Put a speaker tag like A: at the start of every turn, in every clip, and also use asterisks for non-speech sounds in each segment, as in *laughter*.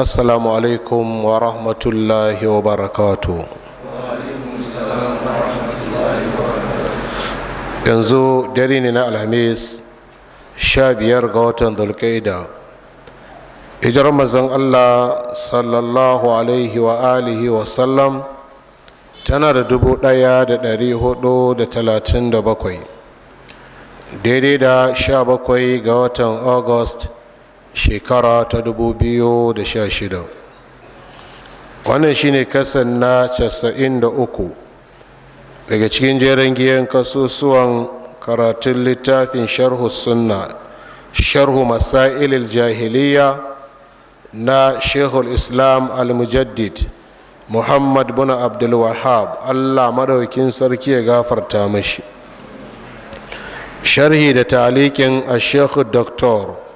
A: assalamu alaikum wa rahmatullahi wa barakatu yanzu dare ne na alhamis sha biyar ga watan dulkaida hijirar mazan allah sallallahu alaihi wa alihi wa sallam tana da dubu daya da dari hudu da talatin da bakwai daidai da sha bakwai ga watan august shekara ta 2016 wannan shine kasan na casa'in da uku. daga cikin jerin giyan kasusuwan karatun littafin sharhu sunna sharhu masailil jahiliya na shehul islam al-mujaddid muhammad bin abdulwahab allah madaukin sarki ya gafarta mashi sharhi da talikin a shehu doktor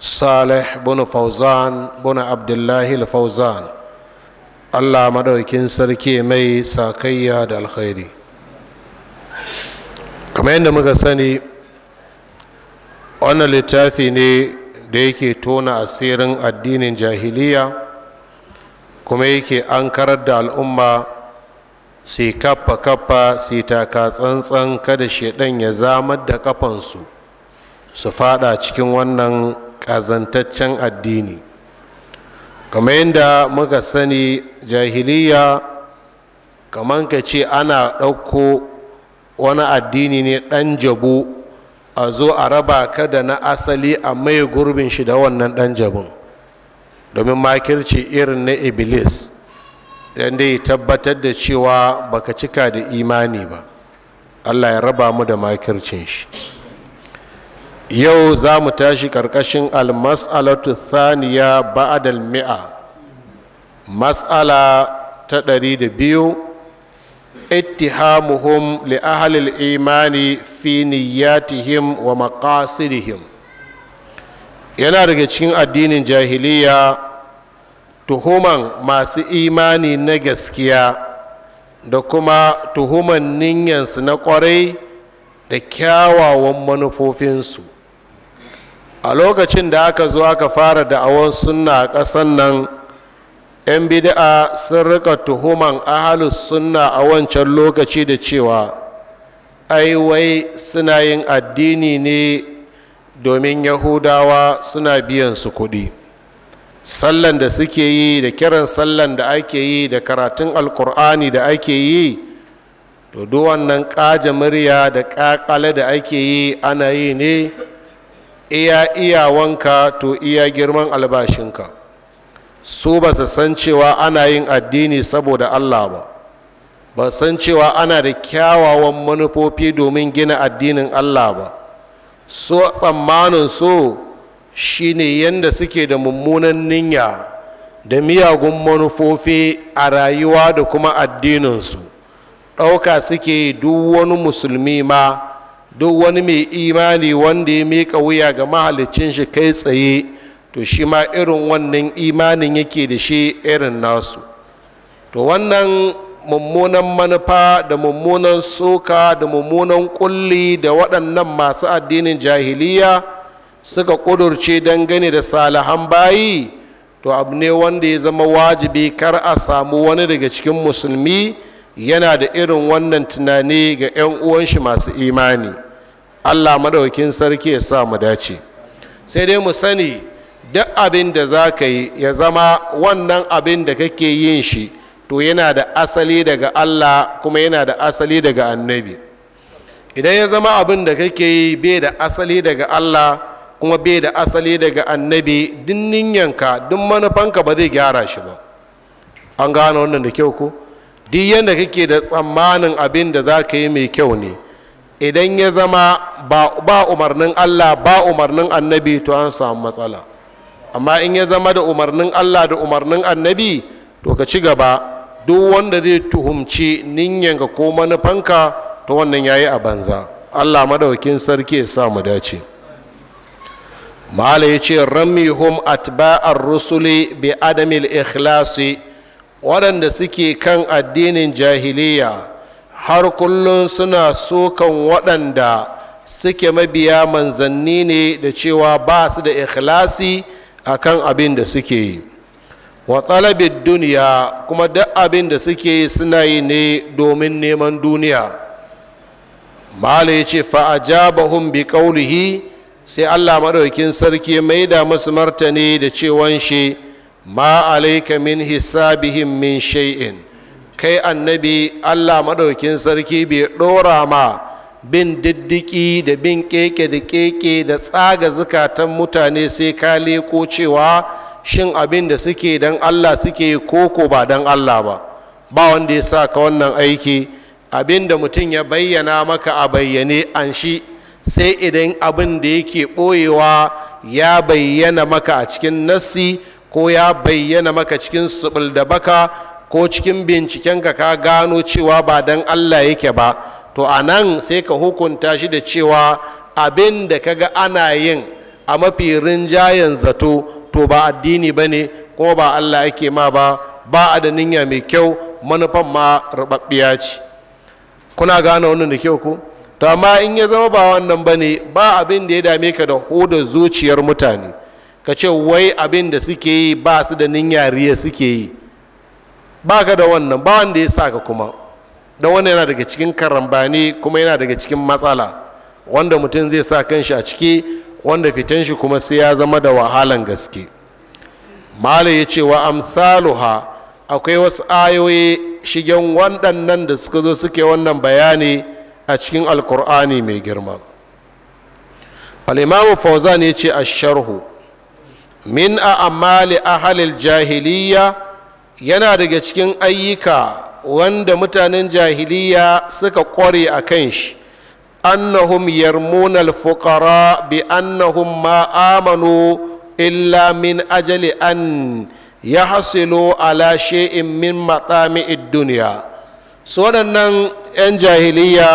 A: salih bin fauzan bin abdullahi fauzan allah maɗaukin sarki mai sakayya da alkhairi kamar yadda muka sani wannan littafi ne da yake tona asirin addinin jahiliya kuma yake an karar da al'umma su kappa kappa su taka tsantsan kada shaidan ya zamar da kafansu su fada cikin wannan Kazantaccen addini kamar yadda muka sani jahiliya kamar ka ce ana ɗauko wani addini ne ɗan jabu a zo a raba ka da na asali a mai gurbin shi da wannan ɗan jabun domin makirci irin na iblis don dai tabbatar da cewa baka cika da imani ba allah ya raba mu da makircin shi yau za mu tashi ƙarƙashin almas'alatu thaniya ba'adal mi'a mas'ala ta ɗari da biyu ittihamuhum li ahlil imani fi niyyatihim wa maqasidihim yana daga cikin addinin jahiliya tuhuman masu imani na gaskiya da kuma tuhuman ninyansu na ƙwarai da kyawawan manufofinsu a lokacin da aka zo aka fara da'awar sunna a ƙasan nan 'yan bid'a sun rika tuhuman ahalus sunna a wancan lokaci da cewa ai wai suna yin addini ne domin yahudawa suna biyan su kuɗi sallan da suke yi da kiran sallan da ake yi da karatun alkur'ani da ake yi to duk wannan ƙaja murya da ƙaƙale da ake yi ana yi ne iya iyawanka to iya girman albashinka su ba su san cewa ana yin addini saboda allah ba ba san cewa ana da kyawawan manufofi domin gina addinin allah ba su tsammanin su shine yadda suke da mummunan ninya da miyagun manufofi a rayuwa da kuma addininsu ɗauka suke duk wani musulmi ma duk wani mai imani wanda ya mika wuya ga mahalicin shi kai tsaye to shi ma irin wannan imanin yake da shi irin nasu to wannan mummunan manufa da mummunan soka da mummunan kulli da waɗannan masu addinin jahiliya suka ƙudurce dangane da salahan bayi to abu ne wanda ya zama wajibi kar a samu wani daga cikin musulmi yana da irin wannan tunani ga 'yan uwanshi masu imani allah maɗaukin sarki ya sa mu dace sai dai mu sani duk abin da za ka yi ya zama wannan abin da kake yin shi to yana da asali daga allah kuma yana da asali daga annabi idan ya zama abin da kake yi bai da asali daga allah kuma bai da asali daga annabi duk ninyanka duk manufanka ba zai gyara shi ba an gane wannan da kyau ko duk yadda kake da tsammanin abin da za ka yi mai kyau ne idan ya zama ba umarnin allah ba umarnin annabi to an samu matsala amma in ya zama da umarnin allah da umarnin annabi to ka ci gaba duk wanda zai tuhumci ninyanka ko manufanka to wannan ya yi a banza allah madaukin sarki ya sa mu dace mala ya ce ramihum atba'ar rusuli bi adamil ikhlasi waɗanda suke kan addinin jahiliya har kullum suna sokan waɗanda suke mabiya manzanni ne da cewa ba su da ikhlasi a kan abin da suke yi wa talabin duniya kuma duk abin da suke suna yi ne domin neman duniya mala ya ce fa'ajabahum bi sai allah maɗaukin sarki mai da masu martani da cewan shi ma alaika min hisabihim min shay'in kai annabi allah maɗaukin sarki bai ɗora ma bin diddiki da bin keke da keke da tsaga zukatan mutane sai ka leko cewa shin abin da suke dan allah suke koko ba dan allah ba ba wanda ya sa ka wannan aiki abin da mutum ya bayyana maka a bayyane an shi sai idan abin da yake ɓoyewa ya bayyana maka a cikin nassi ko ya bayyana maka cikin subul da baka ko cikin binciken ka gano cewa ba dan allah yake ba to a nan sai ka hukunta shi da cewa abin da ga ana yin a mafi rinjayen zato to ba addini ba ne ko ba allah yake ma ba ba a da niyya mai kyau manufan ma rubabbiya ce kuna gane wannan da kyau ku to amma in ya zama ba wannan ba ne ba abin da ya dame ka da hodar zuciyar mutane ka ce wai abin da suke yi ba su da ninyariya suke yi ba ka da wannan ba wanda ya sa ka kuma don wannan yana daga cikin karambani kuma yana daga cikin matsala wanda mutum zai sa kan shi a ciki wanda fitan shi kuma sai ya zama da wahalan gaske malai ya ce wa amsaluha akwai wasu ayoyi shigen waɗannan da suka zo suke wannan bayani a cikin alkur'ani mai girma al'imamu fauza ne ce a sharhu min a amali halil jahiliya yana daga cikin ayyuka wanda mutanen jahiliya suka kware a kan shi annahum yarmunal fuqara bi annahum ma amanu illa min ajali an ya hasilo ala she'in min matsami'id duniya su waɗannan 'yan jahiliya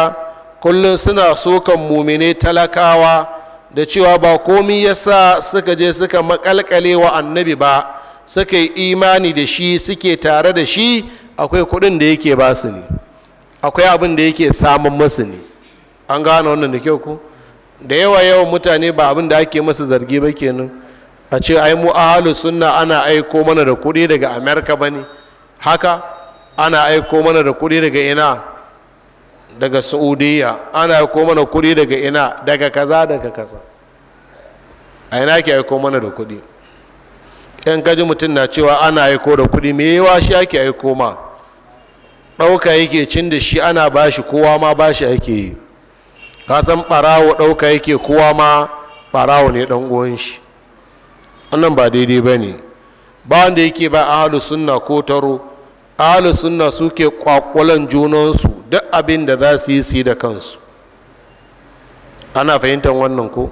A: kullum suna sokan mumine talakawa da cewa ba komi ya sa suka je suka makalkale wa annabi ba suka yi imani da shi suke tare da shi akwai kudin da yake ba su ne akwai abin da yake samun masu ne an gane wannan da kyau ku da yawa yawan mutane ba abin da ake masu zargi ba kenan a ce ai mu ahalu sunna ana aiko mana da kudi daga amerika ba ne haka ana aiko mana da kudi daga ina daga saudiya ana aiko mana kuɗi daga ina daga kaza daga kaza a ina ke aiko mana da kuɗi yan kaji mutum na cewa ana aiko da kuɗi me yawa shi ake aiko ma ɗauka yake cin da shi ana bashi kowa ma bashi ake yi ka san ɓarawo ɗauka yake kowa ma ɓarawo ne ɗan uwan shi wannan ba daidai ba ne ba wanda yake ba ahalu sunna ko taro ahlu sunna suke kwakwalan junansu duk abin da za su yi su da kansu ana fahimtar wannan ko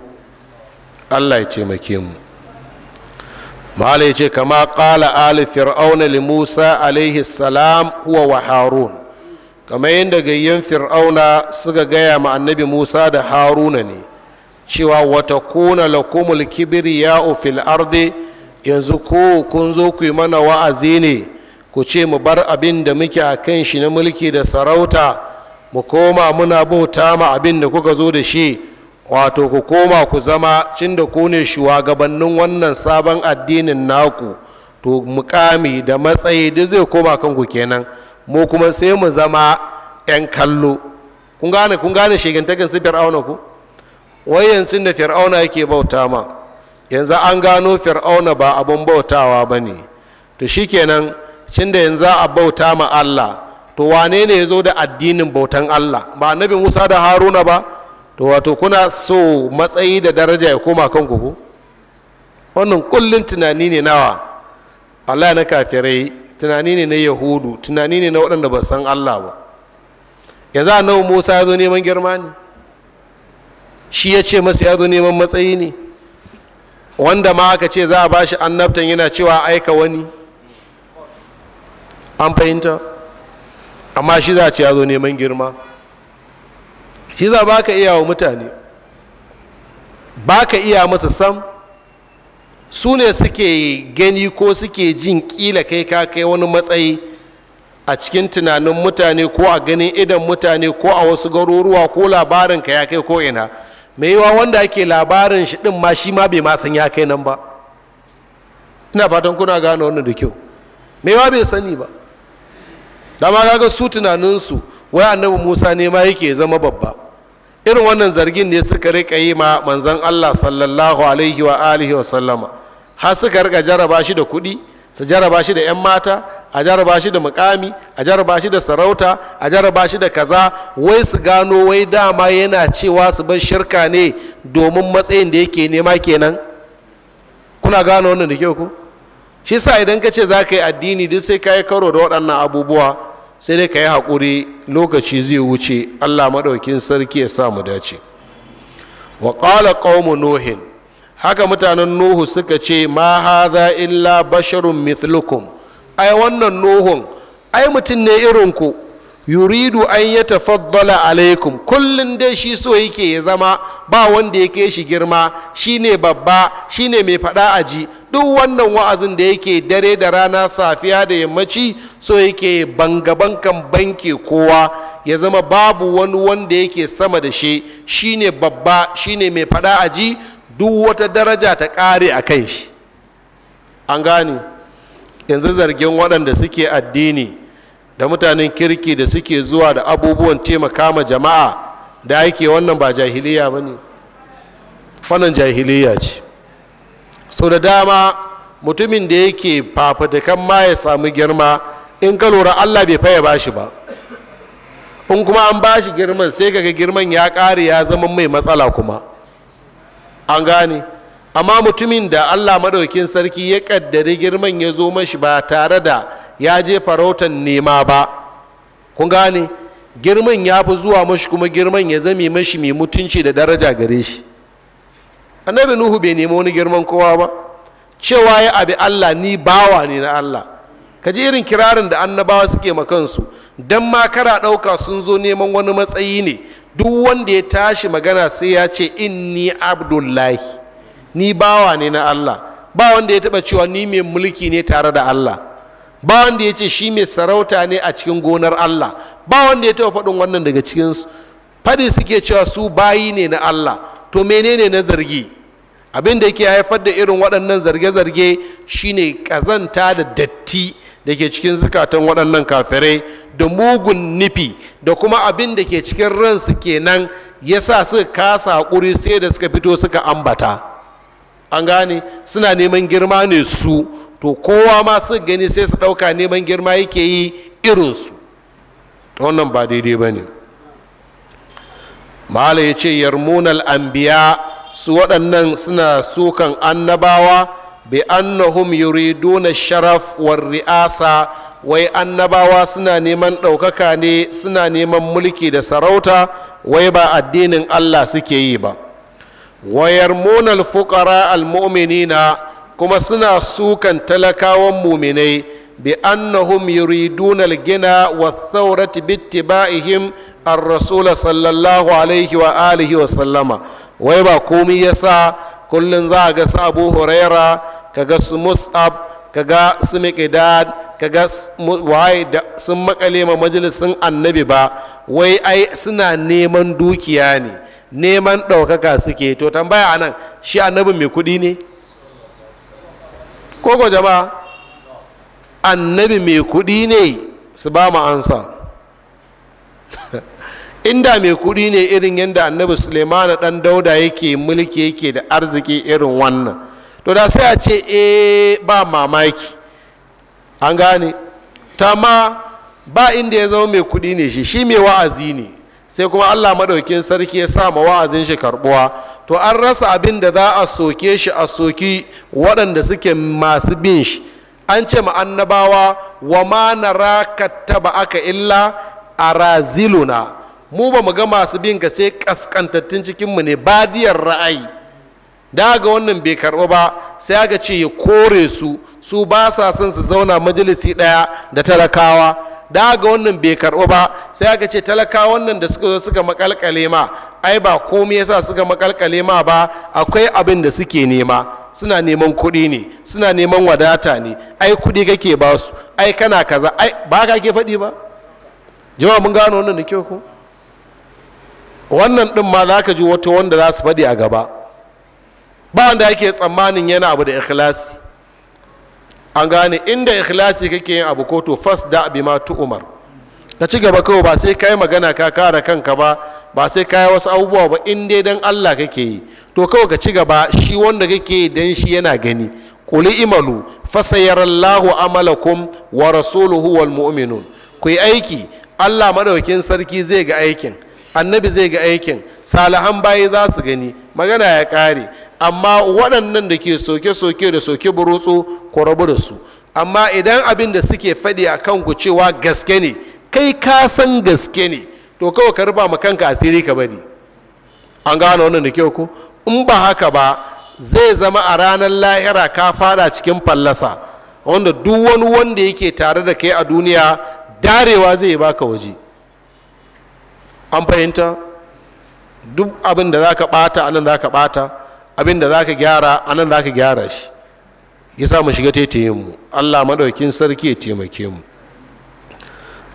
A: allah ya make mu mahala ya ce kama kala ali fir'auna li musa alaihi salam huwa wa harun Kama yadda gayyan fir'auna suka gaya ma annabi musa da haruna ne cewa wata kuna lakumul ya fil ardi yanzu ko kun zo ku yi mana wa'azi ne ku ce mu bar abin da muke a kan shi na mulki da sarauta mu koma muna bauta ma abin da kuka zo da shi wato ku koma ku zama cin da ku ne shugabannin wannan sabon addinin naku to mukami da matsayi duk zai koma kanku kenan mu kuma sai mu zama 'yan kallo kun gane kun gane shigantakin su fir'auna ku wai yanzu da fir'auna yake bauta ma yanzu an gano fir'auna ba abin bautawa ba ne to shikenan shin da yanzu a bauta ma Allah to wane ne ya zo da addinin bautan Allah ba annabi Musa da Haruna ba to wato kuna so matsayi da daraja ya koma kan ku wannan kullun tunani ne nawa Allah na kafirai tunani ne na yahudu tunani ne na waɗanda ba san Allah ba yanzu annabi Musa ya zo neman girma ne shi ya ce masa ya zo neman matsayi ne wanda ma aka ce za a bashi annabtan yana cewa aika wani an fahimta amma shi za a ce ya zo neman girma shi za ba ka iya wa mutane ba ka iya masa sam su ne suke gani ko suke jin kila kai ka kai wani matsayi a cikin tunanin mutane ko a ganin idan mutane ko a wasu garuruwa ko labarin ka ya kai ko ina mai yiwa wanda ake labarin shi din ma shi ma bai ma san ya kai nan ba ina fatan kuna gane wannan da kyau mai yiwa bai sani ba dama kaga su tunaninsu wai annabi musa ne ma yake zama babba irin wannan zargin ne suka rika yi ma manzan allah sallallahu alaihi wa alihi wa sallama har suka rika jaraba shi da kuɗi su jaraba shi da 'yan mata a jaraba shi da mukami a jaraba shi da sarauta a jaraba shi da kaza wai su gano wai dama yana cewa su bar shirka ne domin matsayin da yake nema kenan kuna gano wannan da kyau ku shi sa idan ka ce za ka yi addini duk sai ka yi karo da waɗannan abubuwa sai dai ka yi haƙuri lokaci zai wuce allah maɗaukin sarki ya sa mu dace wa ƙala ƙaumu nuhin haka mutanen nuhu suka ce ma haza illa basharun mithlukum ai wannan nuhun ai mutum ne irinku yuridu an ya tafaddala alaikum kullum dai shi so yake ya zama ba wanda ya kai shi girma shine babba shine mai fada a ji duk wannan wa'azin da yake dare da rana safiya da yammaci so yake bangabankan banke kowa ya zama babu wani wanda yake sama da shi shine babba shine mai fada a ji duk wata daraja ta kare a kan shi an gane yanzu zargin waɗanda suke addini da mutanen kirki da suke zuwa da abubuwan taimaka ma jama'a da ake wannan ba jahiliya ba ne wannan jahiliya ce sau da dama mutumin da yake fafatakan ma ya samu girma in ka lura allah bai faya bashi ba in kuma an bashi girman sai kaga girman ya ƙare ya zama mai matsala kuma an gane amma mutumin da allah maɗaukin sarki ya ƙaddari girman ya zo mashi ba tare da ya je farautan nema ba kun gane girman ya fi zuwa mashi kuma girman ya zame mashi mai mutunci da daraja gare shi annabi nuhu bai nemi wani girman kowa ba cewa ya abi allah ni bawa ne na allah ka irin kirarin da annabawa suke ma kansu don ma kara ɗauka sun zo neman wani matsayi ne duk wanda ya tashi magana sai ya ce inni abdullahi ni bawa ne na allah ba wanda ya taɓa cewa ni mai mulki ne tare da allah ba wanda ya ce shi mai sarauta ne a cikin gonar Allah ba wanda ya taɓa faɗin wannan daga cikin faɗi suke cewa su bayi ne na Allah to menene na zargi abin da yake haifar da irin waɗannan zarge-zarge shine ƙazanta da datti da ke cikin zukatan waɗannan kafirai da mugun nufi da kuma abin da ke cikin ransu kenan ya sa suka kasa haƙuri sai da suka fito suka ambata an gane suna neman girma ne su to kowa ma su gani sai su ɗauka neman girma yake yi irinsu wannan ba daidai ba ne mahala ya ce an biya su waɗannan suna sukan annabawa bi annahum yuriduna sharaf war ri'asa wai annabawa suna neman ɗaukaka ne suna neman mulki da sarauta wai ba addinin allah suke yi ba wayar munal fukara al-mu'minina kuma suna sukan talakawan muminai bi annahum yuriduna al-gina wa thawrat bi ittiba'ihim ar-rasul sallallahu alaihi wa alihi wa sallama wai ba komai yasa kullun za ga su Abu Huraira kaga su Mus'ab kaga su Miqdad kaga wai da sun makale ma majalisin Annabi ba wai ai suna neman dukiya ne neman ɗaukaka suke to tambaya anan shi annabi mai kuɗi ne ko jama'a annabi mai kuɗi ne su ba mu ansa *laughs* inda mai kuɗi ne irin yadda annabi sulemana ɗan dauda yake mulki yake da arziki irin wannan to da sai a ce e ba mamaki an gane ta ma ba inda ya zama mai kuɗi ne shi shi mai wa'azi ne sai kuma allah maɗaukin sarki ya sa wa'azin shi karbuwa to an rasa abin da za a soke shi a soki waɗanda suke masu bin shi an ce ma annabawa wa ma nara ba aka illa a raziluna mu ba mu ga masu bin ka sai kaskantattun cikinmu ne badiyar ra'ayi da ga wannan bai karɓa ba sai aka ce ya kore su su ba sa son su zauna majalisi ɗaya da talakawa da ga wannan bai karɓo ba sai aka ce talaka wannan da suka zo suka makalkale ma ai ba komai yasa suka makalkale ma ba akwai abin da suke nema suna neman kuɗi ne suna neman wadata ne ai kuɗi kake ba su ai kana kaza ai ba ka ke faɗi ba jama'a mun gano wannan da kyau ko wannan ɗin ma za ka ji wata wanda za su faɗi a gaba ba wanda ake tsammanin yana abu da ikhlasi an gane inda ikhlasi kake yin abu ko to fas da bi ma tu umar ka ci gaba kawai ba sai kai magana ka kara kanka ba ba sai kai wasu abubuwa ba in dai dan Allah kake yi to kawai ka ci gaba shi wanda kake yi dan shi yana gani qul imalu fasayarallahu amalakum wa rasuluhu wal mu'minun ku yi aiki Allah madaukin sarki zai ga aikin annabi zai ga aikin salihan bayi za su gani magana ya kare amma waɗannan da ke soke-soke da soke burutsu ku rabu da su amma idan abin da suke faɗi a kanku cewa gaske ne kai ka san gaske ne to kawai ka rufa ma kanka asiri ka bari an gano wannan da kyau ko in ba haka ba zai zama a ranar lahira ka fada cikin fallasa wanda duk wani wanda yake tare da kai a duniya darewa zai baka waje an fahimta duk abin da za ka bata anan za ka bata abin da za ka gyara a nan za ka gyara shi ya sa mu shiga taitayin mu allah maɗaukin sarki ya taimake mu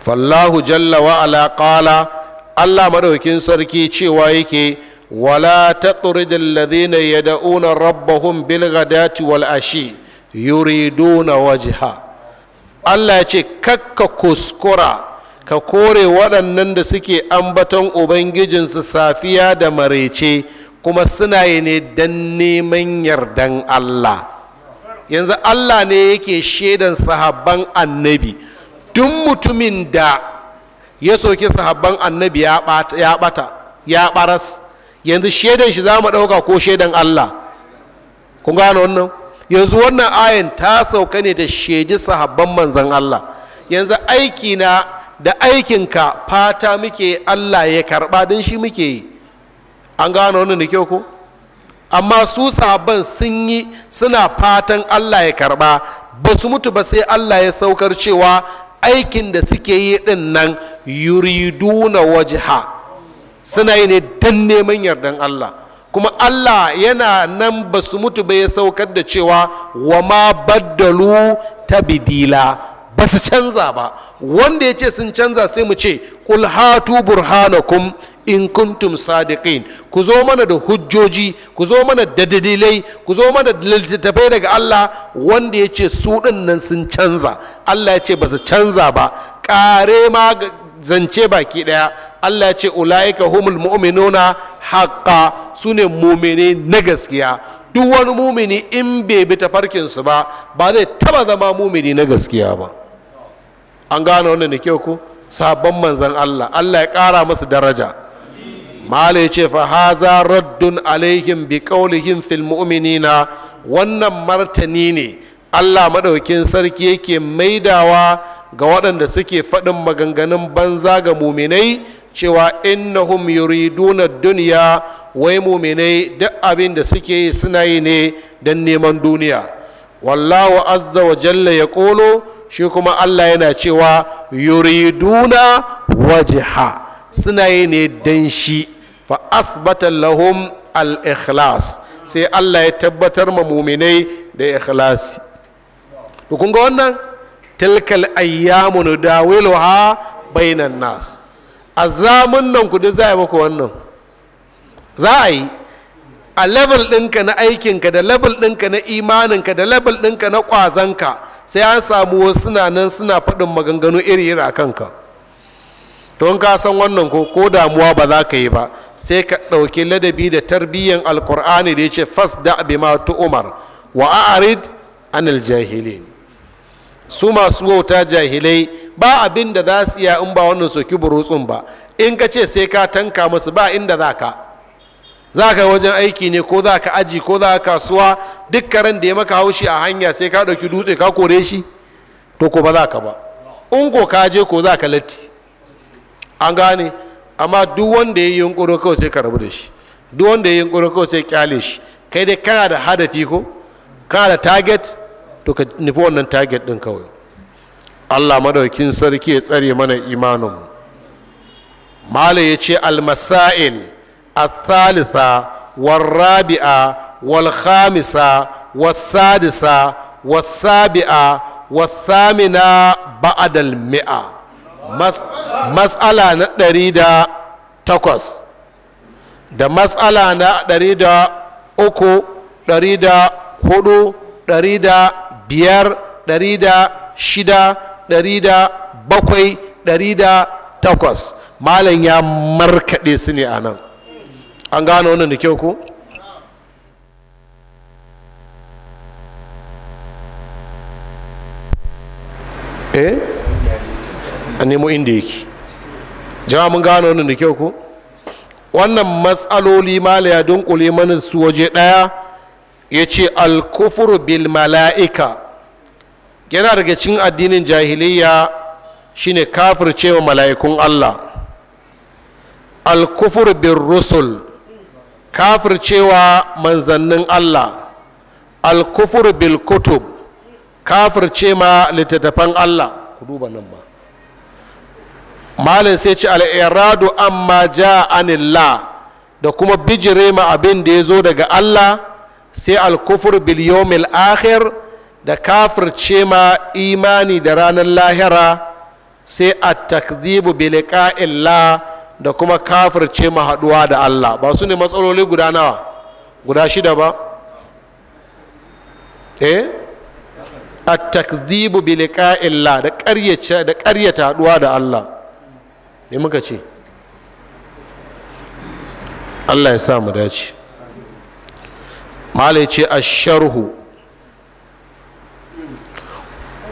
A: fallahu jalla wa ala qala allah maɗaukin sarki cewa yake wala taqrid alladhina yad'una rabbahum bil ghadati wal ashi yuriduna wajha allah ya ce kakka kuskura ka kore waɗannan da suke ambaton ubangijinsu safiya da marece kuma suna yi ne don neman yardan Allah yanzu Allah ne yake shaidan sahabban annabi duk mutumin da ya soki sahabban annabi ya bata ya baras yanzu shaidan shi za mu ɗauka ko shaidan Allah kun gano wannan yanzu wannan ayin ta sauka ne da shaidi sahabban manzan Allah yanzu aikina da aikinka fata muke Allah ya karɓa don shi muke yi an gano wannan da kyau ko amma su sabon sun yi suna fatan allah ya karba ba su mutu ba sai allah ya saukar cewa aikin da suke yi din nan yuriduna wajha suna yi ne dan neman yardan allah kuma allah yana nan ba su mutu ba ya saukar da cewa wa ma baddalu ta bidila ba su canza ba wanda ya ce sun canza sai mu ce kulhatu burhanakum in kuntum sadiqin ku zo mana da hujjoji ku zo mana da dalilai ku zo mana da littattafai daga Allah wanda ya ce su nan sun canza Allah ya ce ba su canza ba kare ma zance baki daya Allah ya ce ulaika humul mu'minuna haqqa sune mu'mine na gaskiya duk wani mumini in bai bi su ba ba zai taba zama mumini na gaskiya ba an gane wannan da kyau ko sabon manzan Allah Allah ya kara masu daraja mala ce fa haza raddun alaihim bi qaulihim fil mu'minina wannan martani ne Allah madaukin sarki yake maidawa ga waɗanda suke faɗin maganganun banza ga muminai cewa innahum yuriduna duniya wai muminai duk abin da suke yi suna yi ne don neman duniya wallahu azza wa jalla ya kolo shi kuma Allah yana cewa yuriduna wajiha suna yi ne don shi fa asbata lahum al-ikhlas sai Allah ya tabbatar ma muminai da ikhlasi to kun ga wannan tilkal ayyamu nudawiluha bainan nas azamun nan ku za a yi wannan za a yi a level ɗinka na aikinka da level ɗinka na imaninka da level ɗinka na kwazanka sai an samu wasu suna nan suna faɗin maganganu iri-iri a kanka don ka san wannan ko ko damuwa ba za ka yi ba sai ka ɗauki ladabi da tarbiyyan alkur'ani da ya ce fas da ma tu umar wa a'rid anil jahilin su masu wauta jahilai ba abin da za su iya in ba wannan soki burutsun ba in ka ce sai ka tanka musu ba inda za ka za ka wajen aiki ne ko za ka aji ko za ka kasuwa duk karen da ya maka haushi a hanya sai ka ɗauki dutse ka kore shi to ko ba za ka ba in ko ka je ko za ka latti an gane amma duk wanda ya yi yunkuro kawai sai ka rabu da shi duk wanda ya yi yunkuro kawai sai kyale shi kai dai kana da hadafi ko kana da target to ka nufi wannan target din kawai allah madaukin sarki ya tsare mana imanin mu malam ya ce almasa'il athalitha والرابعة والخامسة wasadisa wasabi'a wasamina ba'adal mi'a matsala na ɗari da takwas da matsala na ɗari da uku ɗari da hudu ɗari da biyar ɗari da shida ɗari da bakwai ɗari da takwas malam ya markaɗe su ne a nan an gano wani da ku eh a nemo inda yake jama mun gano wannan da kyau ko wannan matsaloli mala ya dunkule mana su waje daya ya ce alkufur bil mala'ika yana daga cikin addinin jahiliya shine cewa mala'ikun allah alkufur bil rusul kafircewa manzannin allah alkufur bil kutub kafirce ma littattafan allah ku duba nan ba malin sai ce al'iradu amma ja anilla da kuma bijire ma abin da ya zo daga allah sai alkufur biliyomil akhir da kafirce ma imani da ranar lahira sai a takzibu illa da kuma kafirce ma haduwa da allah ba su ne matsaloli guda nawa guda shida ba eh a takzibu illa da karyata haduwa da allah me muka ce allah ya sa mu dace malai ce a sharhu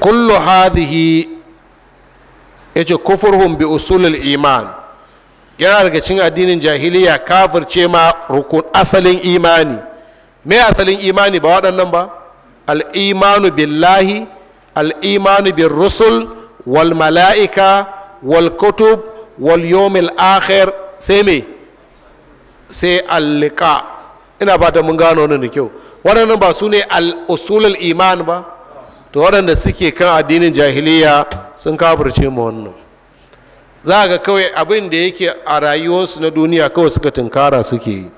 A: kullu hadhihi yace kufurhum bi usulul iman yana daga cikin addinin jahiliya ce ma rukun asalin imani me asalin imani ba waɗannan ba al-imanu billahi al-imanu bir rusul wal mala'ika wal kutub wal yawmil akhir sai me sai allika ina ba ta mun gano ne da kyau waɗannan ba su ne al iman ba to waɗanda suke kan addinin jahiliya sun kafirce mu wannan za ga kawai abin da yake a rayuwarsu na duniya kawai suka tunkara suke yi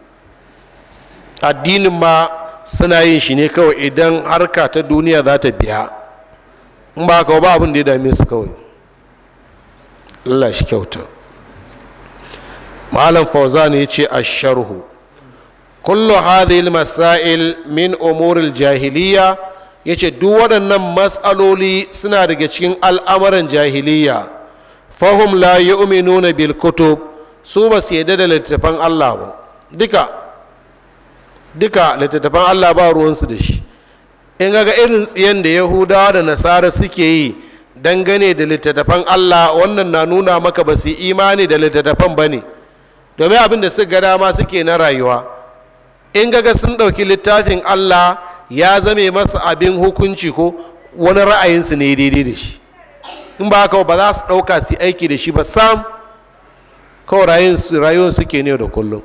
A: addinin ma suna yin shi ne kawai idan harka ta duniya za ta biya in ba ka ba abin da ya dame su kawai Allah shi kyauta malam fauzan ya ce a sharhu kullu Hadin masail min umuril jahiliya yace duk waɗannan matsaloli suna daga cikin al'amuran jahiliya fahum la yu'minuna bil kutub su ba su yadda da littattafan Allah ba duka duka littattafan Allah ba ruwansu da shi in ga irin tsiyan da yahudawa da nasara suke yi dangane da littattafan Allah wannan na nuna maka ba su imani da littattafan ba ne domin abin da suka dama suke na rayuwa in gaga sun ɗauki littafin Allah ya zame masa abin hukunci ko wani ra'ayinsu ne daidai da shi in ba haka ba za su ɗauka su aiki da shi ba sam kawai rayuwar suke ne da kullum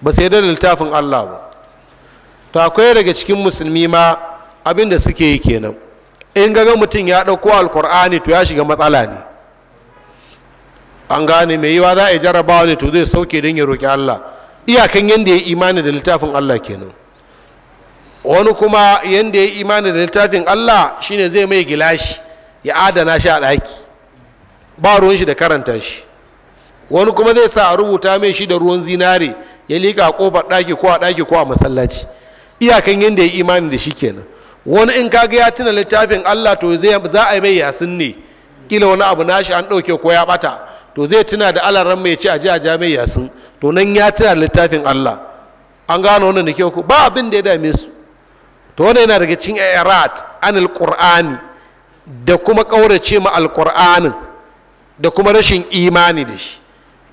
A: ba su da littafin Allah ba to akwai daga cikin musulmi ma abin da suke yi kenan in ga mutum ya ɗauko alkur'ani to ya shiga matsala ne an gane mai yiwa za a yi jarabawa ne to zai sauke don ya roƙi allah iyakan yadda ya imani da littafin allah kenan wani kuma yadda ya imani da littafin allah shine zai mai gilashi ya adana shi a ɗaki ba ruwan shi da karanta shi wani kuma zai sa a rubuta mai shi da ruwan zinare ya liƙa a ɗaki ko a ɗaki ko a masallaci iyakan yadda ya imani da shi kenan wani in ka ya tuna littafin allah to za a yi mai yasin ne kila wani abu nashi an ɗauke ko ya ɓata to zai tuna da alaran mai ci a ji a ja mai yasin to nan ya tuna littafin allah an gano wani da ku ba abin da ya dame su to wani yana daga cikin irat an qur'ani da kuma ƙaurace ma alƙur'anin da kuma rashin imani da shi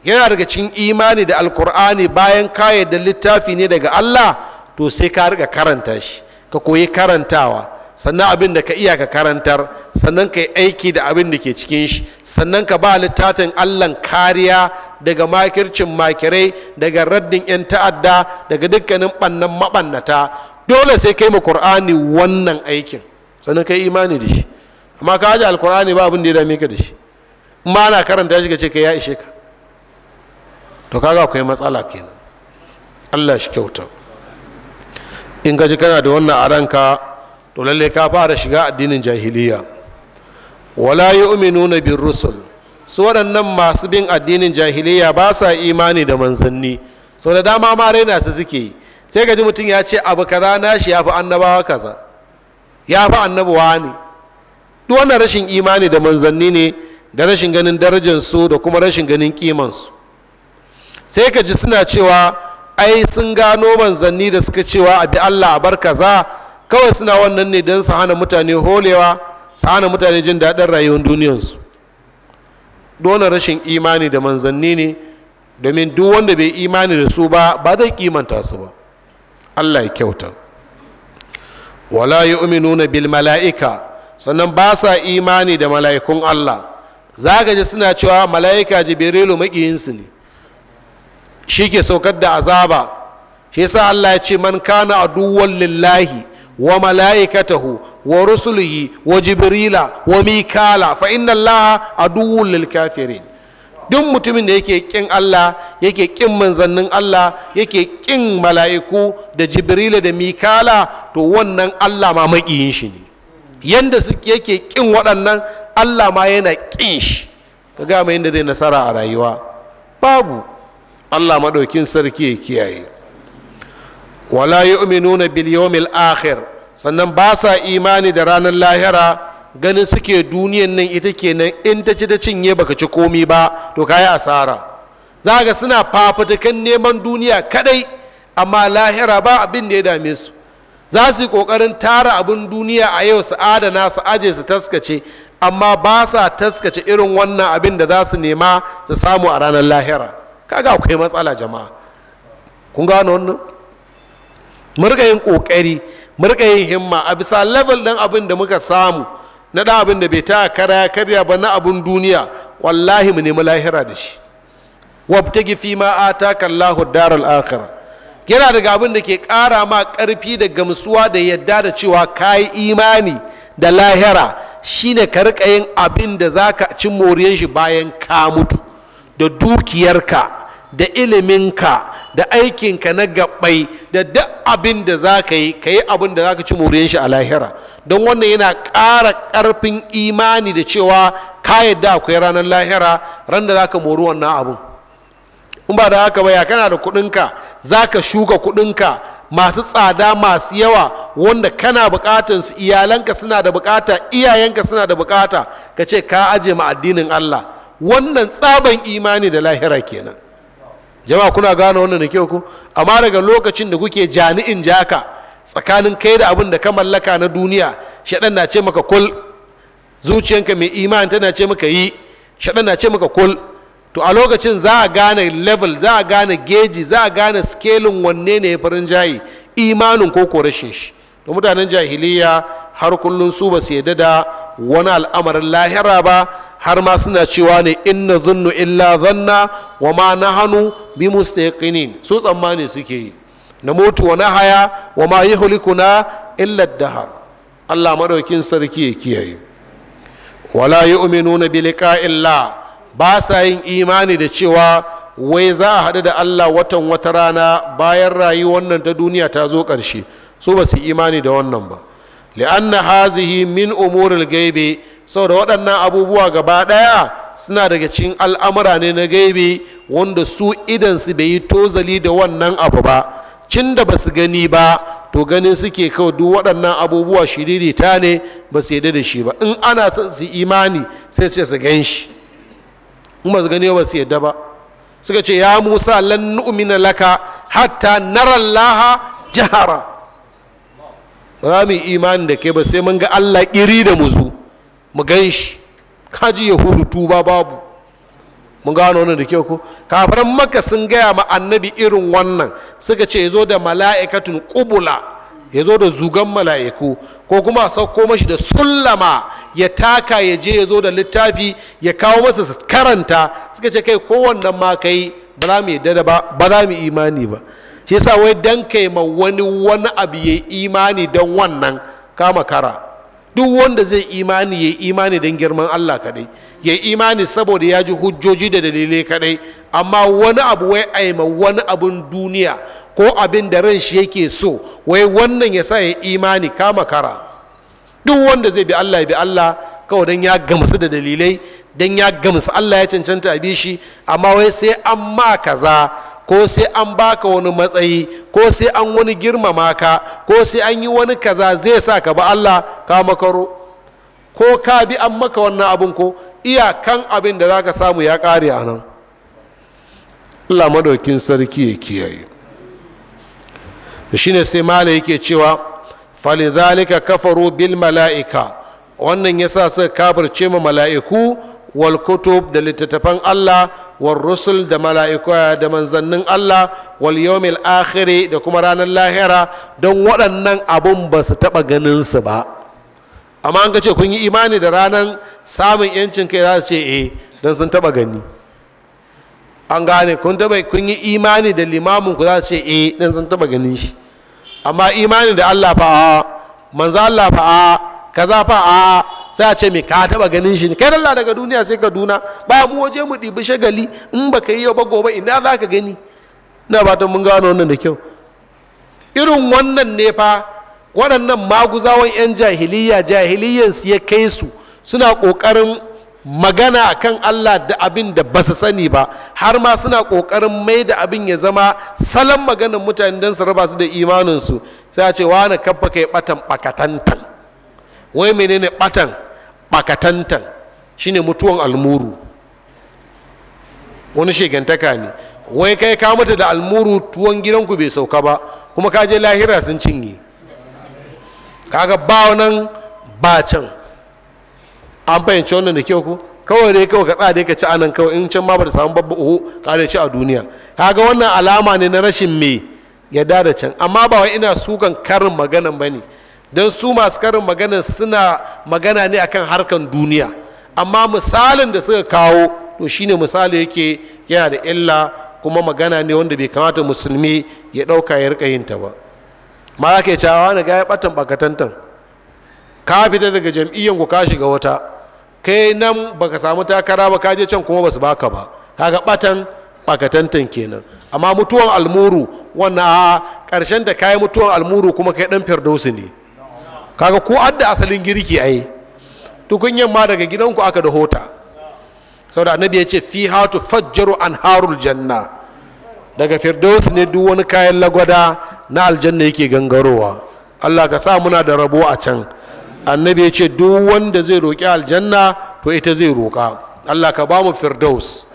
A: yana daga cin imani da alkur'ani bayan ka da littafi ne daga allah to sai ka riga karanta shi ka koyi karantawa sannan abin da ka iya ka karantar sannan ka yi aiki da abin da ke cikin shi sannan ka ba littafin allan kariya daga makircin makirai daga raddin 'yan ta'adda daga dukkanin ɓannan maɓannata dole sai kai ma qur'ani wannan aikin sannan ka yi imani da shi amma ka haji alkur'ani ba abin da ya dame ka da shi ma ana karanta shi ka ce ka ya ishe ka to kaga akwai matsala kenan allah shi kyauta in gaji kana da wannan a ranka to lalle ka fara shiga addinin jahiliya wala yu'minuna bir rusul su waɗannan masu bin addinin jahiliya ba sa imani da manzanni sau da dama ma raina su suke yi sai ji mutum ya ce abu kaza na shi ya fi annabawa kaza ya fi annabawa ne duk wannan rashin imani da manzanni ne da rashin ganin darajarsu da kuma rashin ganin kimansu sai ka ji suna cewa ai sun gano manzanni da suka cewa a bi allah a bar kaza kawai suna wannan ne don su hana mutane holewa su hana mutane jin daɗin rayuwar duniyarsu donar rashin imani da manzanni ne domin duk wanda bai imani da su ba ba zai kimanta su ba allah ya kyauta wala ya nuna bil mala'ika sannan ba sa imani da mala'ikun allah za ji suna cewa mala'ika jibrilu maƙiyinsu ne shi ke saukar da azaba shi yasa allah ya ce man kana aduwwan lillahi wa mala'ikatahu wa rusulihi wa jibrila wa mikala fa inna allaha aduwwun lil kafirin duk mutumin da yake kin Allah yake kin manzannin Allah yake kin mala'iku da jibrila da mikala to wannan Allah ma maƙiyin shi ne yanda suke yake kin waɗannan Allah ma yana kin shi ka gama yadda zai nasara a rayuwa babu allah maɗaukin sarki ya kiyaye wala yu'minuna bil yawmil akhir sannan ba sa imani da ranar lahira ganin suke duniyar nan ita kenan in ta ci ta cinye baka ci komi ba to kayi asara za ga suna fafutukan neman duniya kadai amma lahira ba abin da ya dame su za su yi kokarin tara abin duniya a yau su adana su aje su taskace amma ba sa taskace irin wannan abin da za su nema su samu a ranar lahira kaga akwai matsala jama'a kun gano wannan mu yin kokari mu yin himma a bisa level ɗin abin da muka samu na ɗan abin da bai ta kara karya ba na abin duniya wallahi mu nemi lahira da shi wabta gifi ma a ta kalla daral akhirah yana daga abin da ke ƙara ma ƙarfi da gamsuwa da yadda da cewa ka yi imani da lahira shine ka riƙa yin abin da za ka cin moriyan shi bayan ka mutu da dukiyarka da iliminka da aikinka na gabbai da duk abin da za ka yi ka yi abin da za ka ci moriyar shi a lahira don wannan yana ƙara ƙarfin imani da cewa ka yadda akwai ranar lahira ran da za ka mori wannan abin in ba da haka ba ya kana da kuɗinka za ka shuka kuɗinka masu tsada masu yawa wanda kana bukatar su iyalanka suna da bukata iyayenka suna da bukata ka ce ka aje ma addinin allah wannan tsaban imani da lahira kenan jama'a kuna gane wannan da kyau ku amma daga lokacin da kuke jani'in jaka tsakanin kai da abin da ka mallaka na duniya shaɗan na ce maka kul zuciyanka mai imani tana ce maka yi shaɗan na ce maka kul to a lokacin za a gane level za a gane geji za a gane skelin wanne ne ya farin jayi imanin ko ko rashin shi da mutanen jahiliya har kullum su ba su yadda da wani al'amarin lahira ba har ma suna cewa ne inna zunnu illa zanna wa ma na hannu bi mustaqinin su tsammani suke yi na mutu wa na haya wa ma yuhlikuna illa dahar Allah madaukin sarki ya kiyaye wala yu'minuna bilika illa ba sa yin imani da cewa wai za a haɗu da Allah watan wata rana bayan rayuwar wannan ta duniya ta zo ƙarshe su ba su imani da wannan ba li'anna hazihi min umuril gaibe saboda waɗannan abubuwa gaba ɗaya suna daga cikin al'amura ne na gaibe wanda su idansu bai yi tozali da wannan abu ba cin da ba su gani ba to ganin suke kawai duk waɗannan abubuwa shiririta ne ba su yadda da shi ba in ana son su imani sai su su gan shi in ba su gani ba su yadda ba suka ce ya musa lan nu'mina laka hatta narallaha jahara ba za mu yi imani da kai ba sai mun ga allah ƙiri da muzu mu gan shi ji yahudu tuba babu mun gano wannan da kyau ko kafiran maka sun gaya ma annabi irin wannan suka ce ya zo da mala'ikatun kubula ya zo da zugan mala'iku ko kuma a sauko mashi da sullama ya taka ya je ya zo da littafi ya kawo masa su karanta suka ce kai wannan ma kai ba za mu yadda ba ba za mu imani ba shi yasa wai dan kai ma wani wani abu ya imani dan wannan kama kara duk wanda zai imani ya imani don girman Allah kadai ya imani saboda ya ji hujjoji da dalilai kadai amma wani abu wai aima wani abun duniya ko abin da ran shi yake so wai wannan ya sa ya imani kama kara duk wanda zai bi Allah ya bi Allah kawai don ya gamsu da dalilai don ya gamsu Allah ya cancanta a bi shi amma wai sai an ma kaza ko sai an baka wani matsayi ko sai an wani girmama ka ko sai an yi wani kaza zai sa ka ba Allah ka makaro ko ka bi an maka wannan abin ko iyakan abin da zaka samu ya kare a nan Allah madaukin sarki ya kiyaye shine sai mala yake cewa falizalika kafaru bil mala'ika wannan yasa suka kafirce ma mala'iku wal kutub da littattafan Allah war rusul da mala'ikuwa da manzannin Allah wal yawmil akhiri da kuma ranar lahira don waɗannan abun ba su taɓa ganin su ba amma an ga ce kun yi imani da ranar samun yancin kai za su ce eh don sun taɓa gani an gane kun taɓa kun yi imani da limamin ku za su ce eh don sun taɓa ganin shi amma imani da Allah fa a manzo Allah fa a kaza fa sai a ce mai ka taba ganin shi ne kai Allah daga duniya sai Kaduna ba mu waje mu ɗibi shagali in ba ka yi yau ba gobe ina za ka gani ina ta mun gano wannan da kyau irin wannan ne fa waɗannan maguzawan 'yan jahiliya jahiliyansu ya kai su suna ƙoƙarin magana kan allah da abin da ba su sani ba har ma suna ƙoƙarin mai da abin ya zama salon maganin mutane don su raba su da imaninsu sai a ce wani kafa kai batan ɓakatantan wai menene batan bakatantan shine mutuwan almuru wani shigantaka ne wai kai ka mata da almuru tuwon gidanku bai sauka ba kuma ka je lahira sun cinye kaga ba nan ba can an fahimci wannan da kyau ku kawai dai kawai ka tsada ka ci anan kawai in can ma ba da samu babba uhu ka da ci a duniya kaga wannan alama ne na rashin mai yadda da can amma ba wai ina sukan karin maganan ba ne don su masu karin magana suna magana ne akan harkan duniya amma misalin da suka kawo to shine misali yake yana da illa kuma magana ne wanda bai kamata musulmi ya ɗauka ya rika yin ta ba ma za ka yi na gaya batan bakatantan ka fita daga jam'iyyar ku ka shiga wata kai nan baka samu takara ba ka je can kuma basu baka ba kaga batan bakatantan kenan amma mutuwan almuru wannan a ƙarshen da kayi mutuwan almuru kuma kai ɗan firdausi ne kaga ko adda asalin girki a ai tukunyan ma daga gidanku aka da hota saboda annabi ya ce fi hatu fajjaru an harul janna daga firdaus ne duk wani kayan lagwada na aljanna yake gangarowa allah ka sa muna da rabo a can annabi ya ce duk wanda zai roƙi aljanna to ita zai roƙa allah ka ba mu firdaus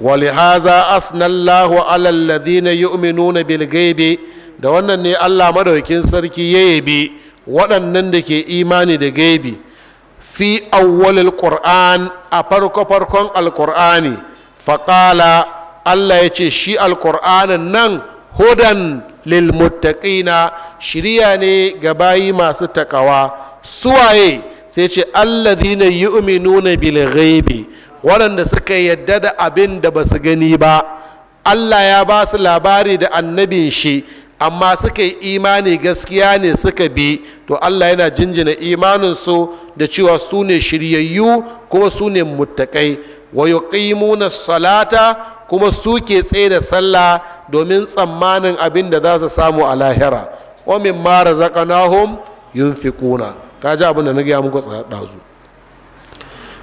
A: walihaza أثنى الله على الذين na بالغيب da wannan ne allah madaukin sarki ya yabi waɗannan da ke imani da gaibi fi awwalil qur'an a farko farkon alqur'ani faƙala allah ya ce shi alkur'anin nan hudan lil muttaqina shirya ne ga bayi masu takawa suwaye sai ce alladhina yu'minuna bil ghaibi waɗanda suka yadda da abin da ba su gani ba allah ya ba su labari da annabin shi amma suka yi imani gaskiya ne suka bi to allah yana jinjina imaninsu da cewa su ne shiryayyu kuma su ne muttaƙai wayo ƙimuna salata kuma su ke tsaye da sallah domin tsammanin abin da za su samu a lahira mara wa fi razaqnahum ka ji abin da na gaya muku ɗazu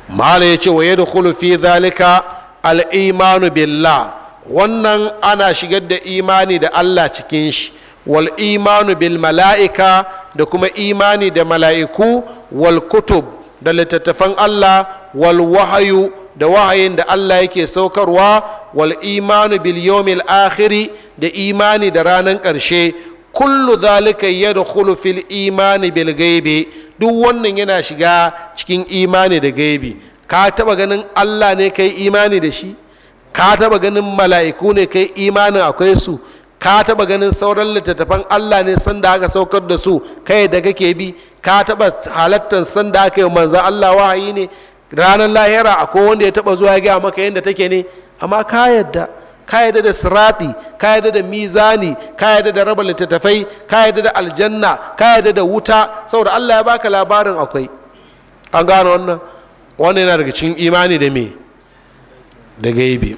A: mala ya ce wa yadkhulu fi zalika al-imanu billah wannan ana shigar da imani da allah cikin shi wal imanu bil mala'ika da kuma imani da mala'iku wal kutub da littattafan allah wal wahayu da wahayin da allah yake saukarwa wal imanu bil yawmil akhiri da imani da ranar ƙarshe kullu zalika yadkhulu fil imani bil gaibe duk wannan yana shiga cikin imani da gaibe. ka taɓa ganin allah ne kai imani da shi ka taba ganin mala'iku ne kai imanin akwai su ka taba ganin sauran littattafan Allah ne sanda aka saukar da su kai da kake bi ka taba halattar sanda aka yi manzan Allah wahayi ne ranar lahira akwai wanda ya taba zuwa gaya maka yadda take ne amma ka yadda ka yadda da sirati ka yadda da mizani ka yadda da raba littattafai ka yadda da aljanna ka yadda da wuta saboda Allah ya baka labarin akwai an gano wannan wannan yana daga cikin imani da me da gaibi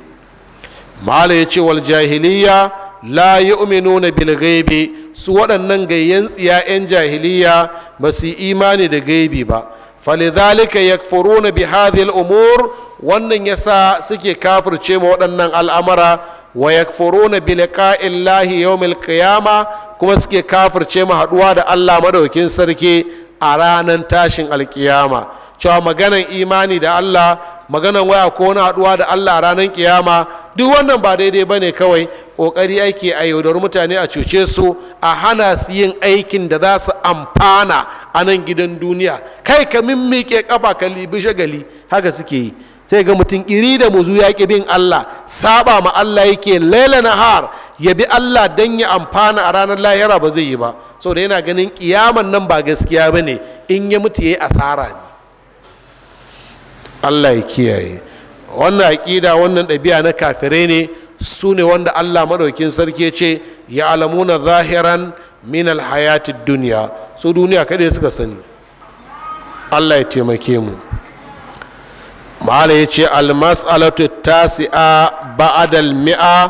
A: mala ya ce wal jahiliya la yu'minuna bil bilgaibi su waɗannan gayyan tsiya 'yan jahiliya ba su imani da gaibi ba falidhalika yakfuruna bi hadhihi umur wannan yasa suke kafirce ma waɗannan al'amara wa yakfuruna bi liqa'illahi yawmil qiyama kuma suke kafirce ma haɗuwa da Allah madaukin sarki a ranar tashin alkiyama cewa maganan imani da Allah maganan waya ko na haɗuwa da Allah ranar kiyama duk wannan ba daidai bane kawai ƙoƙari ake a yaudar mutane a cuce su a hana su yin aikin da za su amfana a nan gidan duniya kai ka mimmike kafa ka libi shagali haka suke yi sai ga mutum kiri da muzu ya ƙi bin Allah saba ma Allah yake laila nahar ya bi Allah dan ya amfana a ranar lahira ba zai yi ba saboda yana ganin kiyaman nan ba gaskiya ba ne in ya mutu ya yi asara ne allah ya kiyaye wannan aƙida wannan ɗabi'a na kafirai ne su ne wanda allah maɗaukin sarki ce ya alamuna zahiran min alhayatid duniya su duniya kaɗai suka sani allah ya taimake mu ma'ala ya ce almas'alatu tasi'a ba'adal mi'a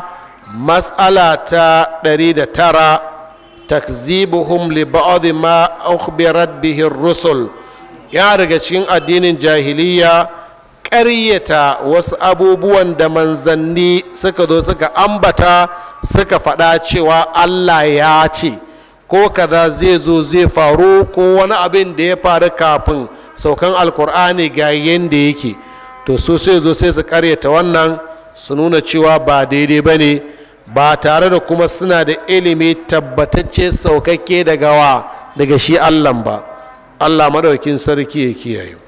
A: mas'ala ta ɗari da tara takzibuhum li ba'd ma ukhbirat bihi rusul ya daga cikin addinin jahiliya karyata wasu abubuwan da manzanni suka zo suka ambata suka faɗa cewa allah ya ce ko kaza zai zo zai faru ko wani abin da ya faru kafin saukan alkur'ani ga yadda yake to so sai zo sai su karyata wannan su nuna cewa ba daidai ba ne ba tare da kuma suna da ilimi tabbatacce saukakke daga wa daga shi allah ba allah madaukin sarki ya kiyaye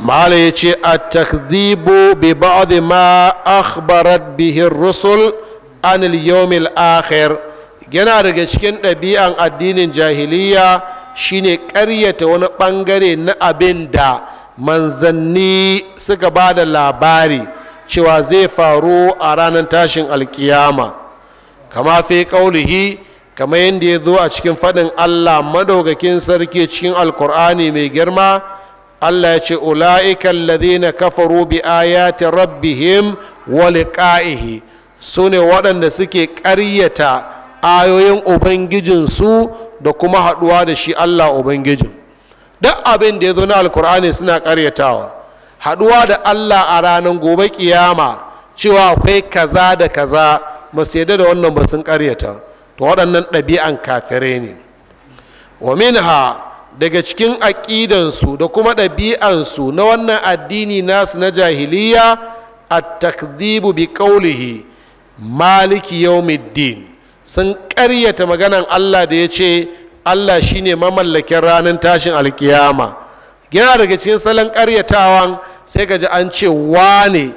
A: malam ya ce a takzibu bi ba'adu ma akhbarat bihi rusul an yawmil akhir yana daga cikin ɗabi'an addinin jahiliya shine ƙaryata wani ɓangare na abin da manzanni suka ba da labari cewa zai faru a ranar tashin alkiyama kama fi ƙaunihi kamar yadda ya zo a cikin faɗin allah madaukakin sarki cikin alkur'ani mai girma Allah ya ce ula'ika alladhina kafaru bi ayati rabbihim wa liqa'ihi sune waɗanda suke ƙaryata ayoyin ubangijinsu da kuma haɗuwa da shi Allah ubangijin duk abin da ya zo na alkur'ani suna ƙaryatawa haɗuwa da Allah a ranar gobe kiyama cewa akwai kaza da kaza ba yadda da wannan ba sun ƙaryata to waɗannan ɗabi'an kafirai ne wa minha daga cikin aƙidansu da kuma ɗabi'ansu na wannan addini nasu na jahiliya a takdibu bi ƙaulihi maliki yaumiddin sun ƙaryata maganan allah da ya ce allah shine mamallakin ranar tashin alƙiyama yana daga cikin salon ƙaryatawan sai ka ji an ce wane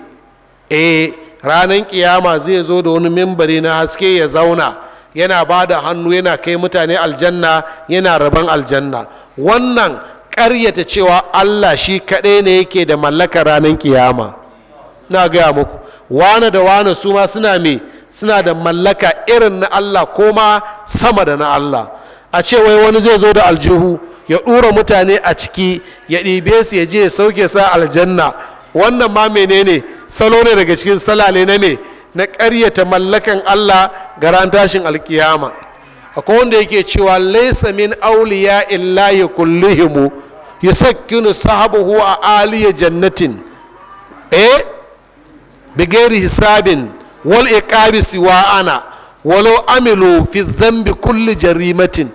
A: e ranar ƙiyama zai zo da wani mimbari na haske ya zauna yana ba da hannu yana kai mutane aljanna yana rabon aljanna wannan karyata cewa allah shi kaɗai ne yake da mallakar ranar kiyama na gaya muku wane da wane su ma suna me suna da mallaka irin na allah ko ma sama da na allah a ce wani zai zo da aljihu ya ɗura mutane a ciki ya ɗibe su ya je ya sauke sa aljanna wannan ma menene salo ne daga cikin salale na ne na ƙaryata mallakan allah garantashin tashin alkiyama akwai wanda yake cewa laisa min auliya ya kullihimu yusakkinu sahabuhu a aliya jannatin eh bigeri hisabin wal iqabi siwa ana walau amilu fi dhanbi kulli jarimatin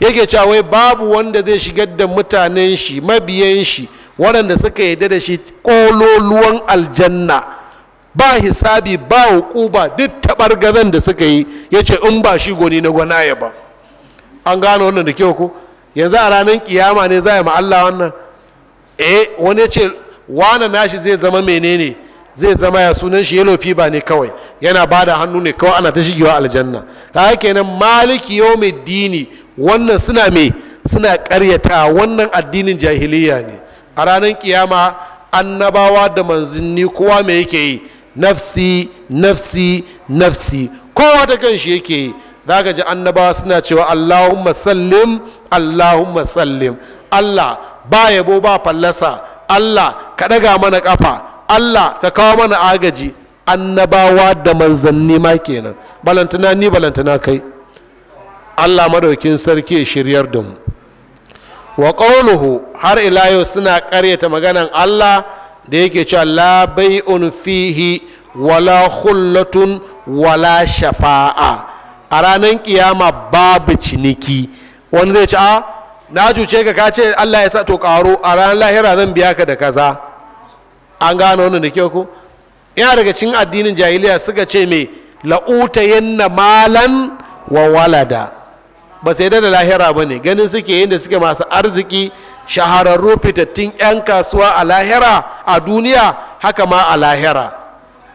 A: yake cewa wai babu wanda zai shigar da mutanen shi mabiyan shi waɗanda suka yarda da shi kololuwan aljanna ba hisabi ba hukuba duk gaban da suka yi ya ce in ba shi goni na gwanaye ba an gano wannan da kyau ko yanzu a ranar kiyama ne za a ma Allah wannan eh wani ya ce nashi zai zama menene zai zama ya sunan shi yellow fever ne kawai yana bada hannu ne kawai ana ta shigewa aljanna ta kenan maliki yau mai dini wannan suna me suna karyata wannan addinin jahiliya ne a ranar kiyama annabawa da manzanni kowa me yake yi nafsi nafsi nafsi kowa ta kan shi yake yi za ji annabawa suna cewa allahumma sallim allahumma sallim allah ba yabo ba fallasa allah ka ɗaga mana ƙafa allah ka kawo mana agaji annabawa da manzanni ma kenan balantana ni balantana kai allah madaukin sarki ya shiryar da mu wa har ila yau suna ƙaryata maganan allah da yake cewa labai bai'un fihi wala khullatun wala shafa'a a ranar kiyama babu ciniki wani zai ce a ah, na cuce ka ka ce Allah ya sa to karo a ranar lahira zan biya ka da kaza an gano wani da kyau ko yana daga cikin addinin jahiliya suka ce me la'utayenna malan wa walada ba sai da lahira ba ne ganin suke yin da suke masu arziki shahararru fitattun 'yan kasuwa a lahira a duniya haka ma a lahira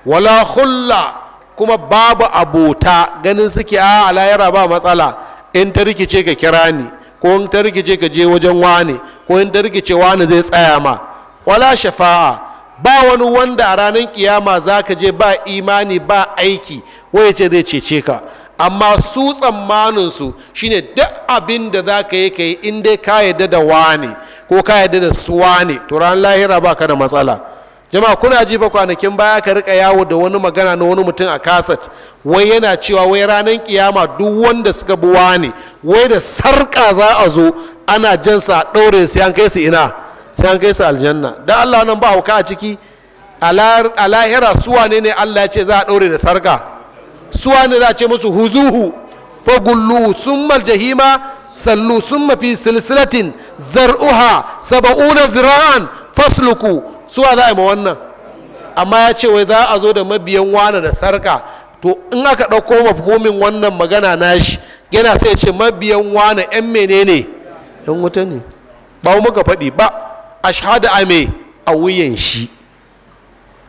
A: wala hulla kuma babu abota ganin suke a lahira ba matsala in ta rikice ka kira ni ko in ta rikice ka je wajen wani ko in ta rikice wani zai tsaya ma wala shafa'a ba wani wanda a ranar kiyama za ka je ba imani ba aiki wai ce zai cece ka amma su tsammaninsu shine duk abin da za ka yi ka yi in dai ka yadda da wani ko ka yadda da suwa ne to ran lahira ba ka da matsala jama'a kuna ji fa kwanakin baya ka rika yawo da wani magana na wani mutum a kasat wai yana cewa wai ranar kiyama duk wanda suka bi wane wai da sarka za a zo ana jan sa ɗaure sai an kai su ina sai an kai su aljanna dan Allah nan ba hauka a ciki a lahira suwa ne ne Allah ya ce za a ɗaure da sarka suwa ne za a ce musu huzuhu fa gullu summal jahima sallu summa fi silsilatin zar'uha saba'una zira'an fasluku suwa za a yi ma wannan amma ya ce wai za a zo da mabiyan wana da sarka to in aka ɗauko mafhumin wannan magana nashi yana sai ce mabiyan wana yan menene yan wuta ne ba muka faɗi ba shahada a me a wuyan shi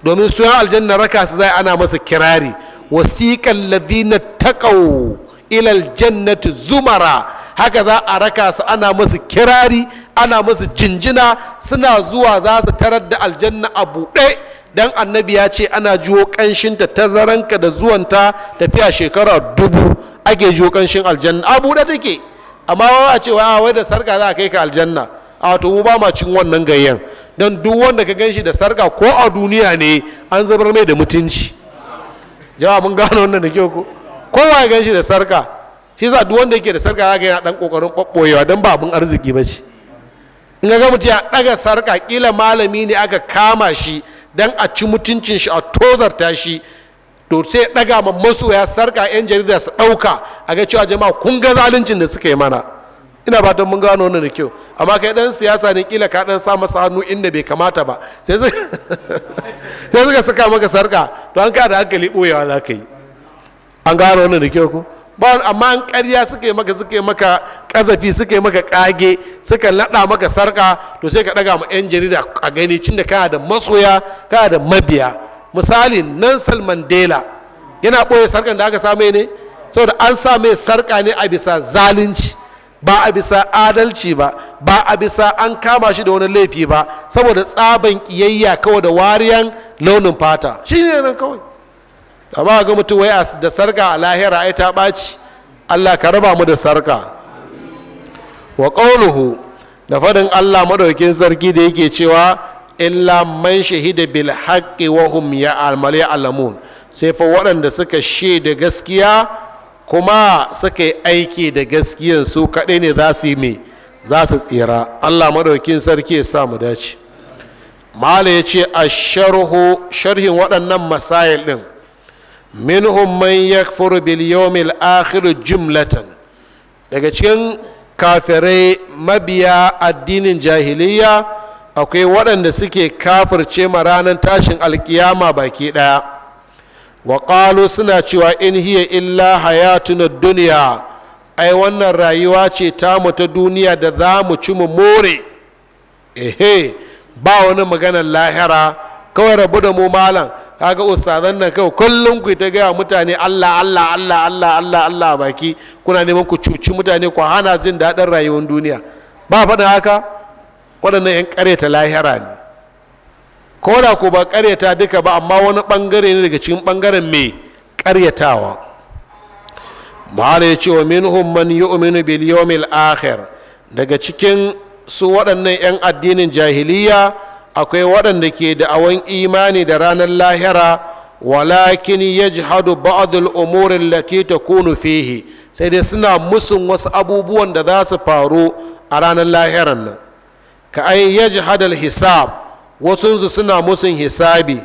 A: domin suyan aljanna raka su zai ana masa kirari wasiƙan ladina taƙau ilal jannati zumara haka za a raka su ana musu kirari ana musu jinjina suna zuwa za su tarar da aljanna a buɗe dan annabi ya ce ana jiwo ƙanshinta tazaranka da zuwanta tafiya shekara dubu ake jiwo ƙanshin aljanna a buɗe take amma wa a cewa wai da sarka za a kai ka aljanna a wato mu ba ma cin wannan gayyan don duk wanda ka ganshi da sarka ko a duniya ne an zabar mai da mutunci jawa mun gano wannan da kyau ko kowa ya ganshi da sarka shi yasa duk wanda yake da sarka zaka yana dan kokarin kwabboyewa dan ba abun arziki ba shi in ga mutum ya daga sarka kila malami ne aka kama shi dan a ci mutuncin shi a tozarta shi to sai ya daga ma masoya sarka yan jarida su dauka a ga cewa jama'a kun ga zaluncin da suka yi mana ina ba mun gano wannan da kyau amma kai dan siyasa ne kila ka dan sa masa hannu inda bai kamata ba sai *laughs* sai suka saka maka sarka to an ka da hankali boyewa za ka yi an gano wannan da kyau ko ba amma an ƙarya suke maka suke maka kazafi suke maka kage suka naɗa maka sarka to sai ka ɗaga ma 'yan jarida a gani cin da kana da masoya kana da mabiya misali nelson mandela yana ɓoye sarkan da aka same ne saboda an sa sarka ne a bisa zalunci ba a bisa adalci ba ba a bisa an kama shi da wani laifi ba saboda tsaban kiyayya kawai da wariyan launin fata shi ne nan kawai da ba ga mutum wai da sarka a lahira ai ta ɓaci allah ka raba mu da sarka wa ƙauluhu da faɗin allah maɗaukin sarki da yake cewa illa man shahida bil haqqi wa hum ya'lamun sai fa waɗanda suka shaida gaskiya kuma suka yi aiki da gaskiyan su kaɗai ne za su yi za su tsira allah Madaukin sarki ya sa mu dace mala ya ce a sharhu sharhin waɗannan masayil ɗin min man yakfuru bil yawmil akhiru jumlatan daga cikin kafirai mabiya addinin jahiliya akwai waɗanda suke kafirce ma ranar tashin alkiyama baki ɗaya wa suna cewa in hiya illa hayatuna duniya ai wannan rayuwa ce mu ta duniya da za mu ci mu more ehe ba wani maganar lahira kawai rabu da mu malam kaga ustazan nan kawai kullum ku ta gaya mutane allah allah allah allah allah allah baki kuna neman ku cuci mutane ku hana jin daɗin rayuwar duniya ba faɗin haka waɗannan 'yan ƙareta lahira ne ko da ko ba karyata duka ba amma wani bangare ne daga cikin bangaren mai karyatawa ma'ana ya ce wa minhum man bil yawmil akhir daga cikin su waɗannan 'yan addinin jahiliya akwai waɗanda ke da da'awan imani da ranar lahira walakin ya ji yajhadu ba'adul umurin allati kunu fihi sai dai suna musun wasu abubuwan da za su faru a ranar lahiran nan ka ai hadal hisab wasunsu suna musun hisabi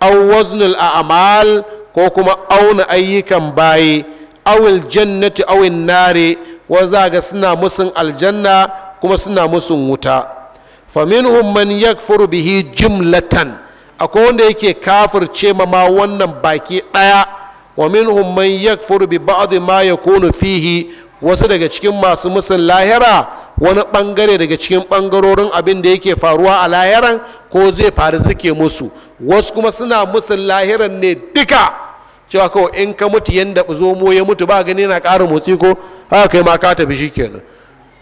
A: au waznul a'mal ko kuma auna ayyukan baye awil jannati awin nare wa za ga suna musun aljanna kuma suna musun wuta faminhum man yakfuru bihi jumlatan akwai wanda yake ce ma ma wannan baki ɗaya wa minhum man yakfuru bi ba'd ma yakunu fihi wasu daga cikin masu musun lahira wani bangare daga cikin ɓangarorin abin da yake faruwa a lahiran ko zai faru suke musu wasu kuma suna musu lahiran ne duka cewa kawai in ka mutu yanda zomo ya mutu ba gani na ƙara motsi ko haka kai ma ka tafi kenan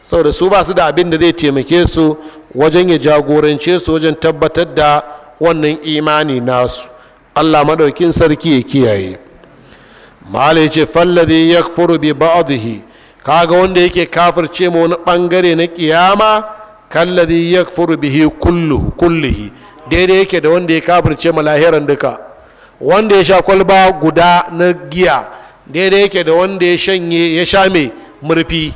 A: saboda su ba su da abin da zai taimake su wajen ya jagorance su wajen tabbatar da wannan imani nasu allah madaukin sarki ya kiyaye malai ce fallabi ya bi kaga wanda yake kafirce ma wani bangare na kiyama kallazi yakfuru bihi kulluhu kullihi daidai yake da wanda ya kafirce ma lahiran duka wanda ya sha kwalba guda na giya daidai yake da wanda ya shanye ya sha mai murfi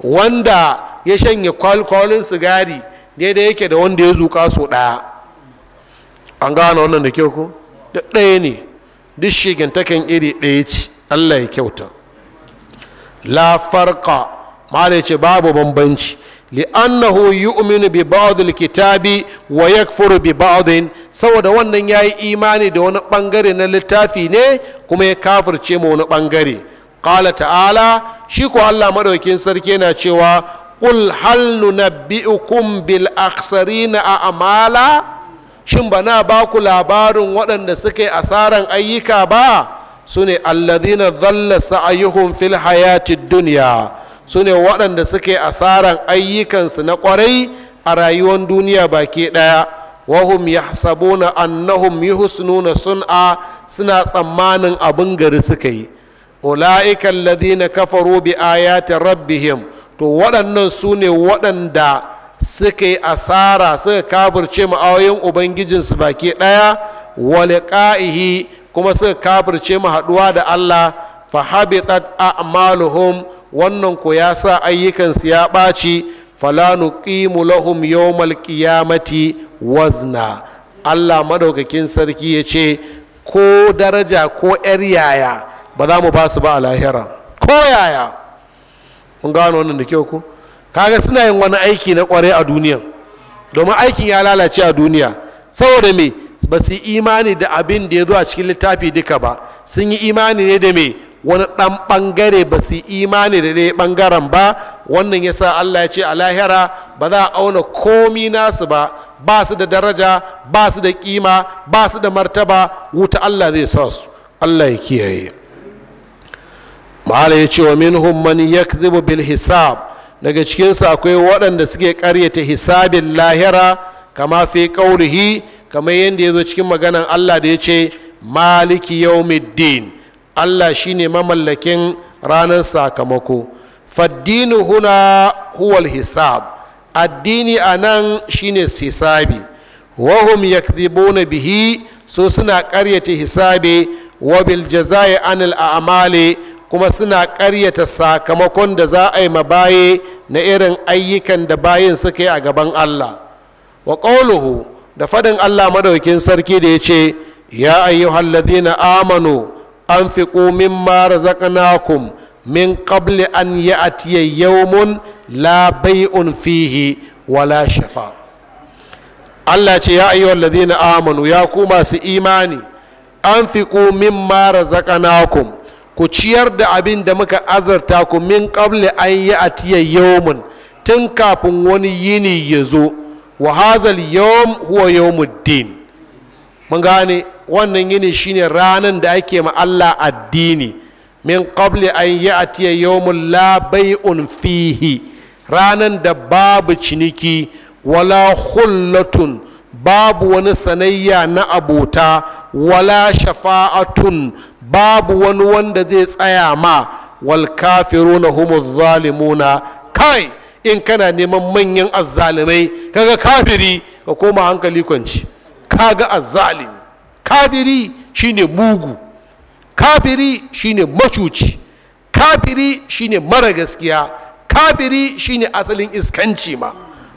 A: wanda ya shanye kwalin sigari daidai yake da wanda ya zuka so ɗaya an gane wannan da kyau ko da ɗaya ne duk shigantakan iri ɗaya ce allah ya kyauta la farqa mala ce babu bambanci li'annahu yu'minu bi ba'dil kitabi wa yakfuru bi ba'din saboda wannan yayi imani da wani bangare na littafi ne kuma ya kafirce mu wani bangare qala ta'ala shi ko Allah madaukin sarki yana cewa qul hal nunabbi'ukum bil akhsarina a'mala shin bana ba ku labarin waɗanda suka yi asaran ayyuka ba su ne alladina zalla sa'ayuhum fil hayati duniya su ne waɗanda suke asaran ayyukansu na ƙwarai a rayuwar duniya baki ɗaya wahum yahsabuna annahum yuhsnuna sun'a suna tsammanin abin gari suka yi ula'ika alladhina kafaru bi ayati rabbihim to waɗannan su ne waɗanda suka yi asara suka kaburce ma'ayoyin ubangijinsu baki ɗaya wa liqa'ihi kuma suka kafirce mu haɗuwa da Allah fa habitat a'maluhum wannan ko ya sa ayyukansu ya ɓaci Falanu nuqimu lahum yawmal qiyamati wazna Allah madaukakin sarki ya ce ko daraja ko yar yaya ba za mu ba su ba a lahira ko yaya mun gano wannan da kyau ko kaga suna yin wani aiki na kware a duniya domin aikin ya lalace a duniya saboda me ba su imani da abin da ya zo a cikin littafi duka ba sun yi imani ne da me wani ɗan ɓangare ba su yi imani da ɗaya ɓangaren ba wannan ya sa allah ya ce a lahira ba za a auna komi nasu ba ba su da daraja ba su da ƙima ba su da martaba wuta allah zai sa su allah ya kiyaye ma'ala ya ce wa minhum man bil hisab daga cikinsu akwai waɗanda suke ƙaryata hisabin lahira kama fi ƙaurihi kamar yadda ya zo cikin maganan allah da ya ce maliki yaumiddin allah shine mamallakin ranar sakamako faddini huna huwal hisab addini a nan shine hisabi wahum na bihi so suna karyata hisabe wa bil jazai anil a'mali kuma suna karyata sakamakon da za a yi mabaye na irin ayyukan da bayin suka yi a gaban allah wa qawluhu da faɗin allah madaukin sarki da ya ce ya halladina amanu anfiqu mimma razaqnakum min ƙabli an ya'tiya yawmun la labai'un fihi wala shafa allah ce ya halladina amanu ya ku masu imani an fi anfiqu mara razaqnakum ku ciyar da abin da muka azarta ku min ƙabli an yi yau mun tun kafin wani yini ya zo wa hazal yawm huwa yawmuddin mun gane wannan yini shine ranan da ake ma Allah addini min qabli an ya'tiya yawmul la bai'un fihi ranan da babu ciniki wala khullatun babu wani sanayya na abota wala shafa'atun babu wani wanda zai tsaya ma wal kafiruna humuz zalimuna kai in kana neman manyan azzalumai kaga kafiri ka koma hankali kwanci kaga azzalumi kafiri shine mugu kafiri shine macuci kafiri shine mara gaskiya kafiri shine asalin iskanci ma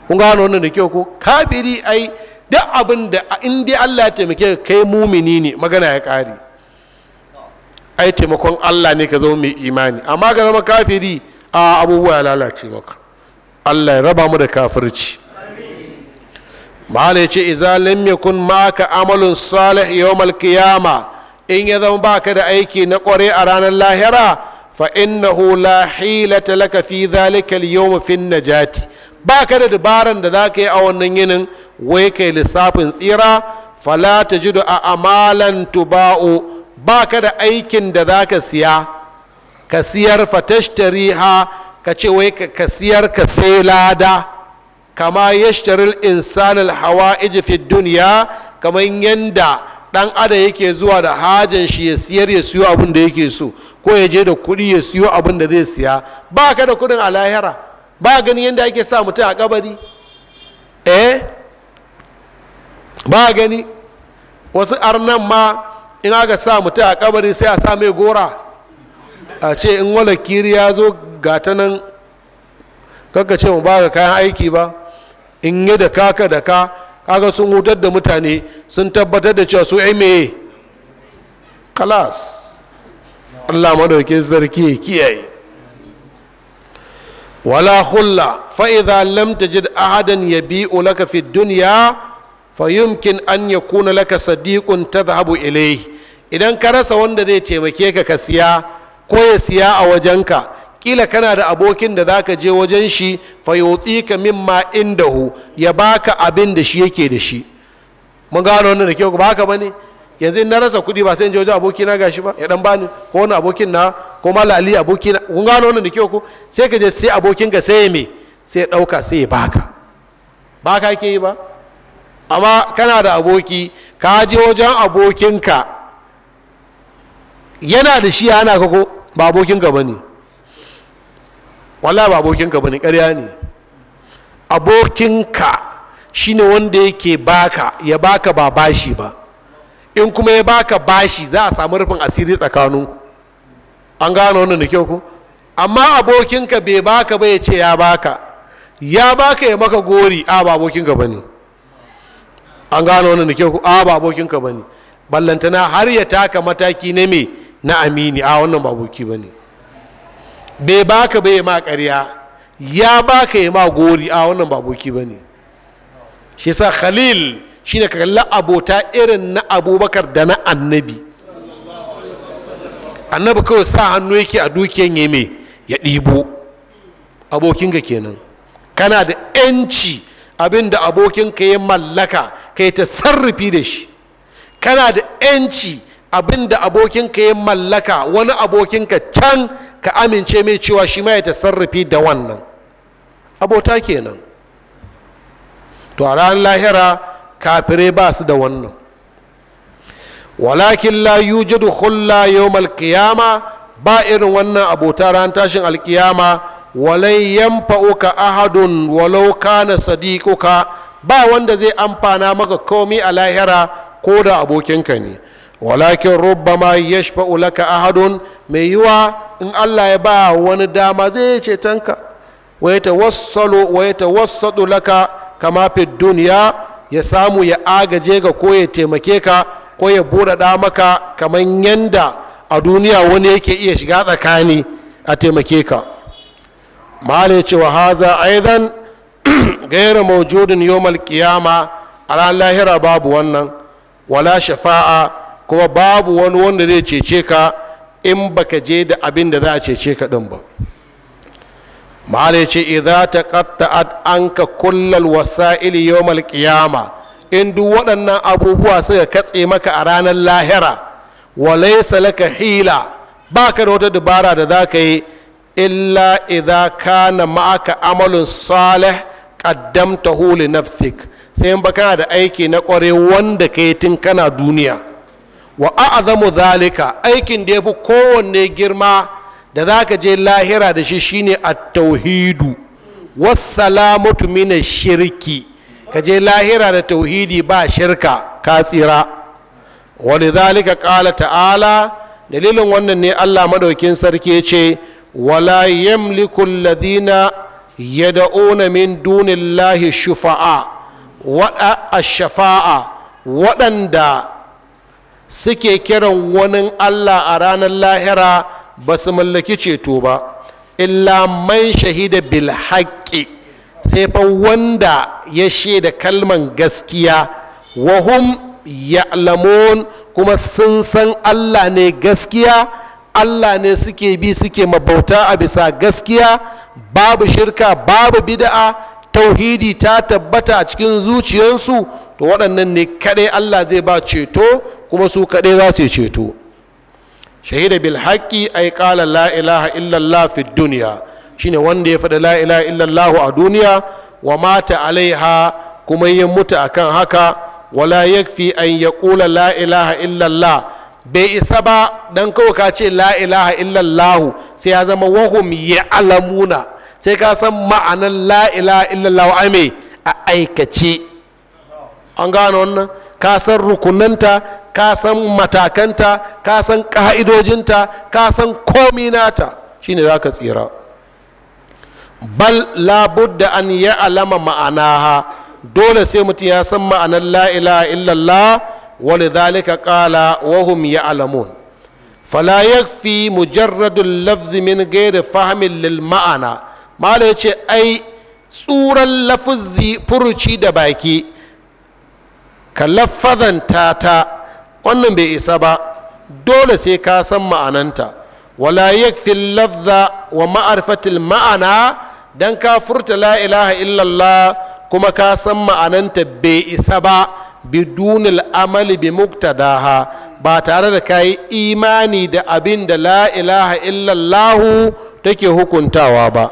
A: kun gano wannan da kyau ko kafiri ai duk abin da in dai Allah ya taimake kai mumini ne magana ya kare ai taimakon Allah ne ka zama mai imani amma ka zama kafiri a abubuwa ya lalace maka allah ya raba mu da kafirci Amin. ya ce iza lam yakun maka amalun salih yawmal qiyama in ya zama baka da aiki na kware a ranar lahira fa innahu la hilata laka fi dhalika al-yawm fi najati baka da dabaran da zaka yi a wannan yinin wai kai lissafin tsira fala tajidu a amalan tuba'u baka da aikin da zaka siya ka siyar fatashtariha ka ce wai ka siyar ka sai lada kama hawa insan alhawa'ij fi duniya kamar yanda dan ada yake zuwa da hajin shi ya siyar ya siyo abin da yake so ko ya je da kuɗi ya siyo abin da zai siya ba ka da kuɗin a lahira ba gani yadda ake sa mutum a kabari eh ba gani wasu arnan ma in aka sa mutum a kabari sai a sa gora a ce in wala kiri ya zo ga ta nan kaka ce mu baka kayan aiki ba in yi da kaka da ka kaka sun hutar da mutane sun tabbatar da cewa su meye kalas allah madaukin zarki ya kiyaye wala hulla fa'iza lam tajid ahadan yabi'u laka fi dunya fayumkin an yakuna laka sadiqun tadhhabu ilayhi idan ka rasa wanda zai taimake ka ka siya ko ya siya a wajenka kila kana da abokin da zaka je wajen shi ka mimma indahu ya baka abin da shi yake da shi mun gano wannan da ke ba haka bane yanzu in na rasa kuɗi ba sai in je wajen abokina gashi ba ya dan bani ko wani abokin na ko mala ali abokina kun gano wannan da ke ko sai ka je sai abokin ka sai me sai ya dauka sai ya baka ba ka ke yi ba amma kana da aboki ka je wajen abokinka yana da shi ana ka ko ba abokinka ba ne wala ba abokinka bane karya ne abokinka shine wanda yake baka ya baka ba bashi ba in kuma ya baka bashi za a samu rufin asiri tsakaninku an gano wannan da kyau ku amma abokinka bai baka ba ya ce ya baka ya baka ya maka gori a ba abokinka ba ne an gano wannan da kyau ku a ba abokinka ba ne ballantana har ya taka mataki na me na amini a wannan ba aboki ba ne bai baka bai ma ƙarya ya baka ya ma gori a wannan ba aboki ba ne shi sa khalil shi ne kalli abota irin na abubakar da na annabi annabi kawai sa hannu yake a dukiyan ya mai ya ɗibo abokinka kenan kana da 'yanci abin da abokinka ya mallaka ka yi ta sarrafi da shi kana da 'yanci abin da abokinka ya mallaka wani abokinka can ka amince mai cewa shi ma ya sarrafi da wannan abota kenan to a ranar lahira kafirai ba su da wannan walakin la yujadu khulla yawmal malkiyama ba irin wannan abota ran tashin alkiyama walai yanfa'uka ahadun walau kana sadiquka ba wanda zai amfana maka komi a lahira ko da abokinka ne walakin rubbama yashfa'u laka ahadun mai yiwa in allah ya ba wani dama zai ce tanka wa ya wasu wa ya laka kama fi duniya ya samu ya agaje ga ko ya taimake ka ko ya dama maka kamar yanda a duniya wani yake iya shiga tsakani a taimake ka mahalin cewa haza aidan *clears throat* gaira maujudin yomal kiyama a ran lahira babu wannan wala shafa'a kuma babu wani wanda zai cece ka in baka je da abin da za a cece ka ɗin ba mahala ce idza taqatta'at anka kullal wasa'il al qiyama in duk waɗannan abubuwa suka katse maka a ranar lahira wa laysa laka hila baka da wata dubara da zaka yi illa idza kana ma'aka amalun salih qaddamtahu li nafsik sai in baka da aiki na kware wanda kai tun kana duniya wa a'zamu zalika aikin da yafi kowanne girma da za ka je lahira da shi shine a tauhidu wassalamatu min shirki ka je lahira da tauhidi ba shirka ka tsira zalika kala ta'ala dalilin wannan ne Allah madaukin sarki ce wala yamliku alladhina yad'una min shufa'a wada ash-shafa'a waɗanda suke kiran wani allah a ranar lahira ba su mallaki ceto ba illa man shahida bil haƙƙi sai fa wanda ya shaida kalman gaskiya wahum ya'lamun kuma sun san allah ne gaskiya allah ne suke bi suke mabauta a bisa gaskiya babu shirka babu bida'a tauhidi ta tabbata a cikin zuciyarsu to waɗannan ne kaɗai allah zai ba ceto kuma su kaɗai za su ceto shahida bil haƙƙi ay qala la ilaha illallah fi shi shine wanda ya faɗa la ilaha illallah a duniya wa mata alaiha kuma ya mutu akan haka wala yakfi an yaqula la ilaha illallah bai isa ba dan kawai ka ce la ilaha illallah sai ya zama wahum ya alamuna sai ka san ma'anan la ilaha illallah ame a aikace an gano wannan ka san rukunanta ka san matakanta ka san ka'idojinta ka san komi nata ne za ka tsira bal labudda an yi alama ma'anaha dole sai mutum ya san ma'anar la'ila ilaha illallah wani zalika kala wahum ya alamun fala yakfi mujarradun lafzi min gairi fahimin lil ma'ana mala ce ai tsuran lafuzi furuci da baki ka lafazanta ta wannan bai isa ba dole sai ka san ma'ananta wala yakfil lafza wa ma'arfatil ma'ana dan ka furta la ilaha illallah kuma ka san ma'ananta bai isa ba bidunil amali bi muktadaha ba tare da kayi imani da abin da la ilaha illallahu take hukuntawa ba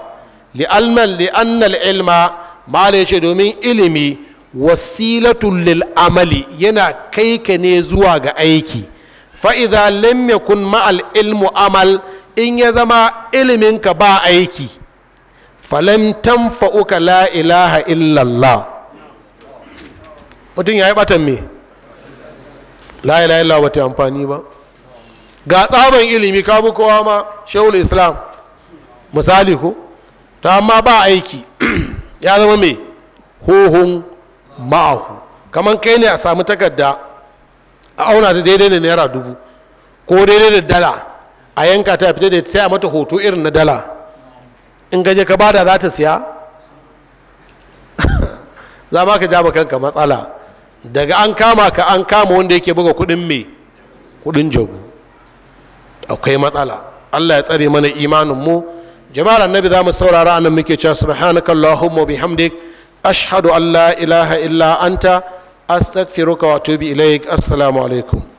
A: li'annal ilma ma domin ilimi wasilatun lil amali yana kai ka ne zuwa ga aiki fa'iza lamya kun ma'al ilmu amal in ya zama iliminka ba aiki falam tanfa'uka la ilaha illallah mutum ya yi batan me la ilaha illallah ba ta amfani ba ga tsaban ilimi ka bi kowa ma shehul islam misali ko ta amma ba aiki *clears throat* ya zama mai hohun ma'ahu kamar kai ne a samu takarda a auna ta daidai da naira dubu ko daidai da dala a yanka ta fita da sai mata hoto irin na dala in gaje ka bada za ta siya *laughs* za ma ka jaba kanka matsala daga an kama ka an kama wanda yake buga kudin me kudin jagu akwai matsala allah ya tsare mana imanin mu jama'ar annabi za mu saurara nan muke cewa subhanakallahumma bihamdik ashadu an la ilaha illa anta astaghfiruka wa atubu ilaik assalamu alaikum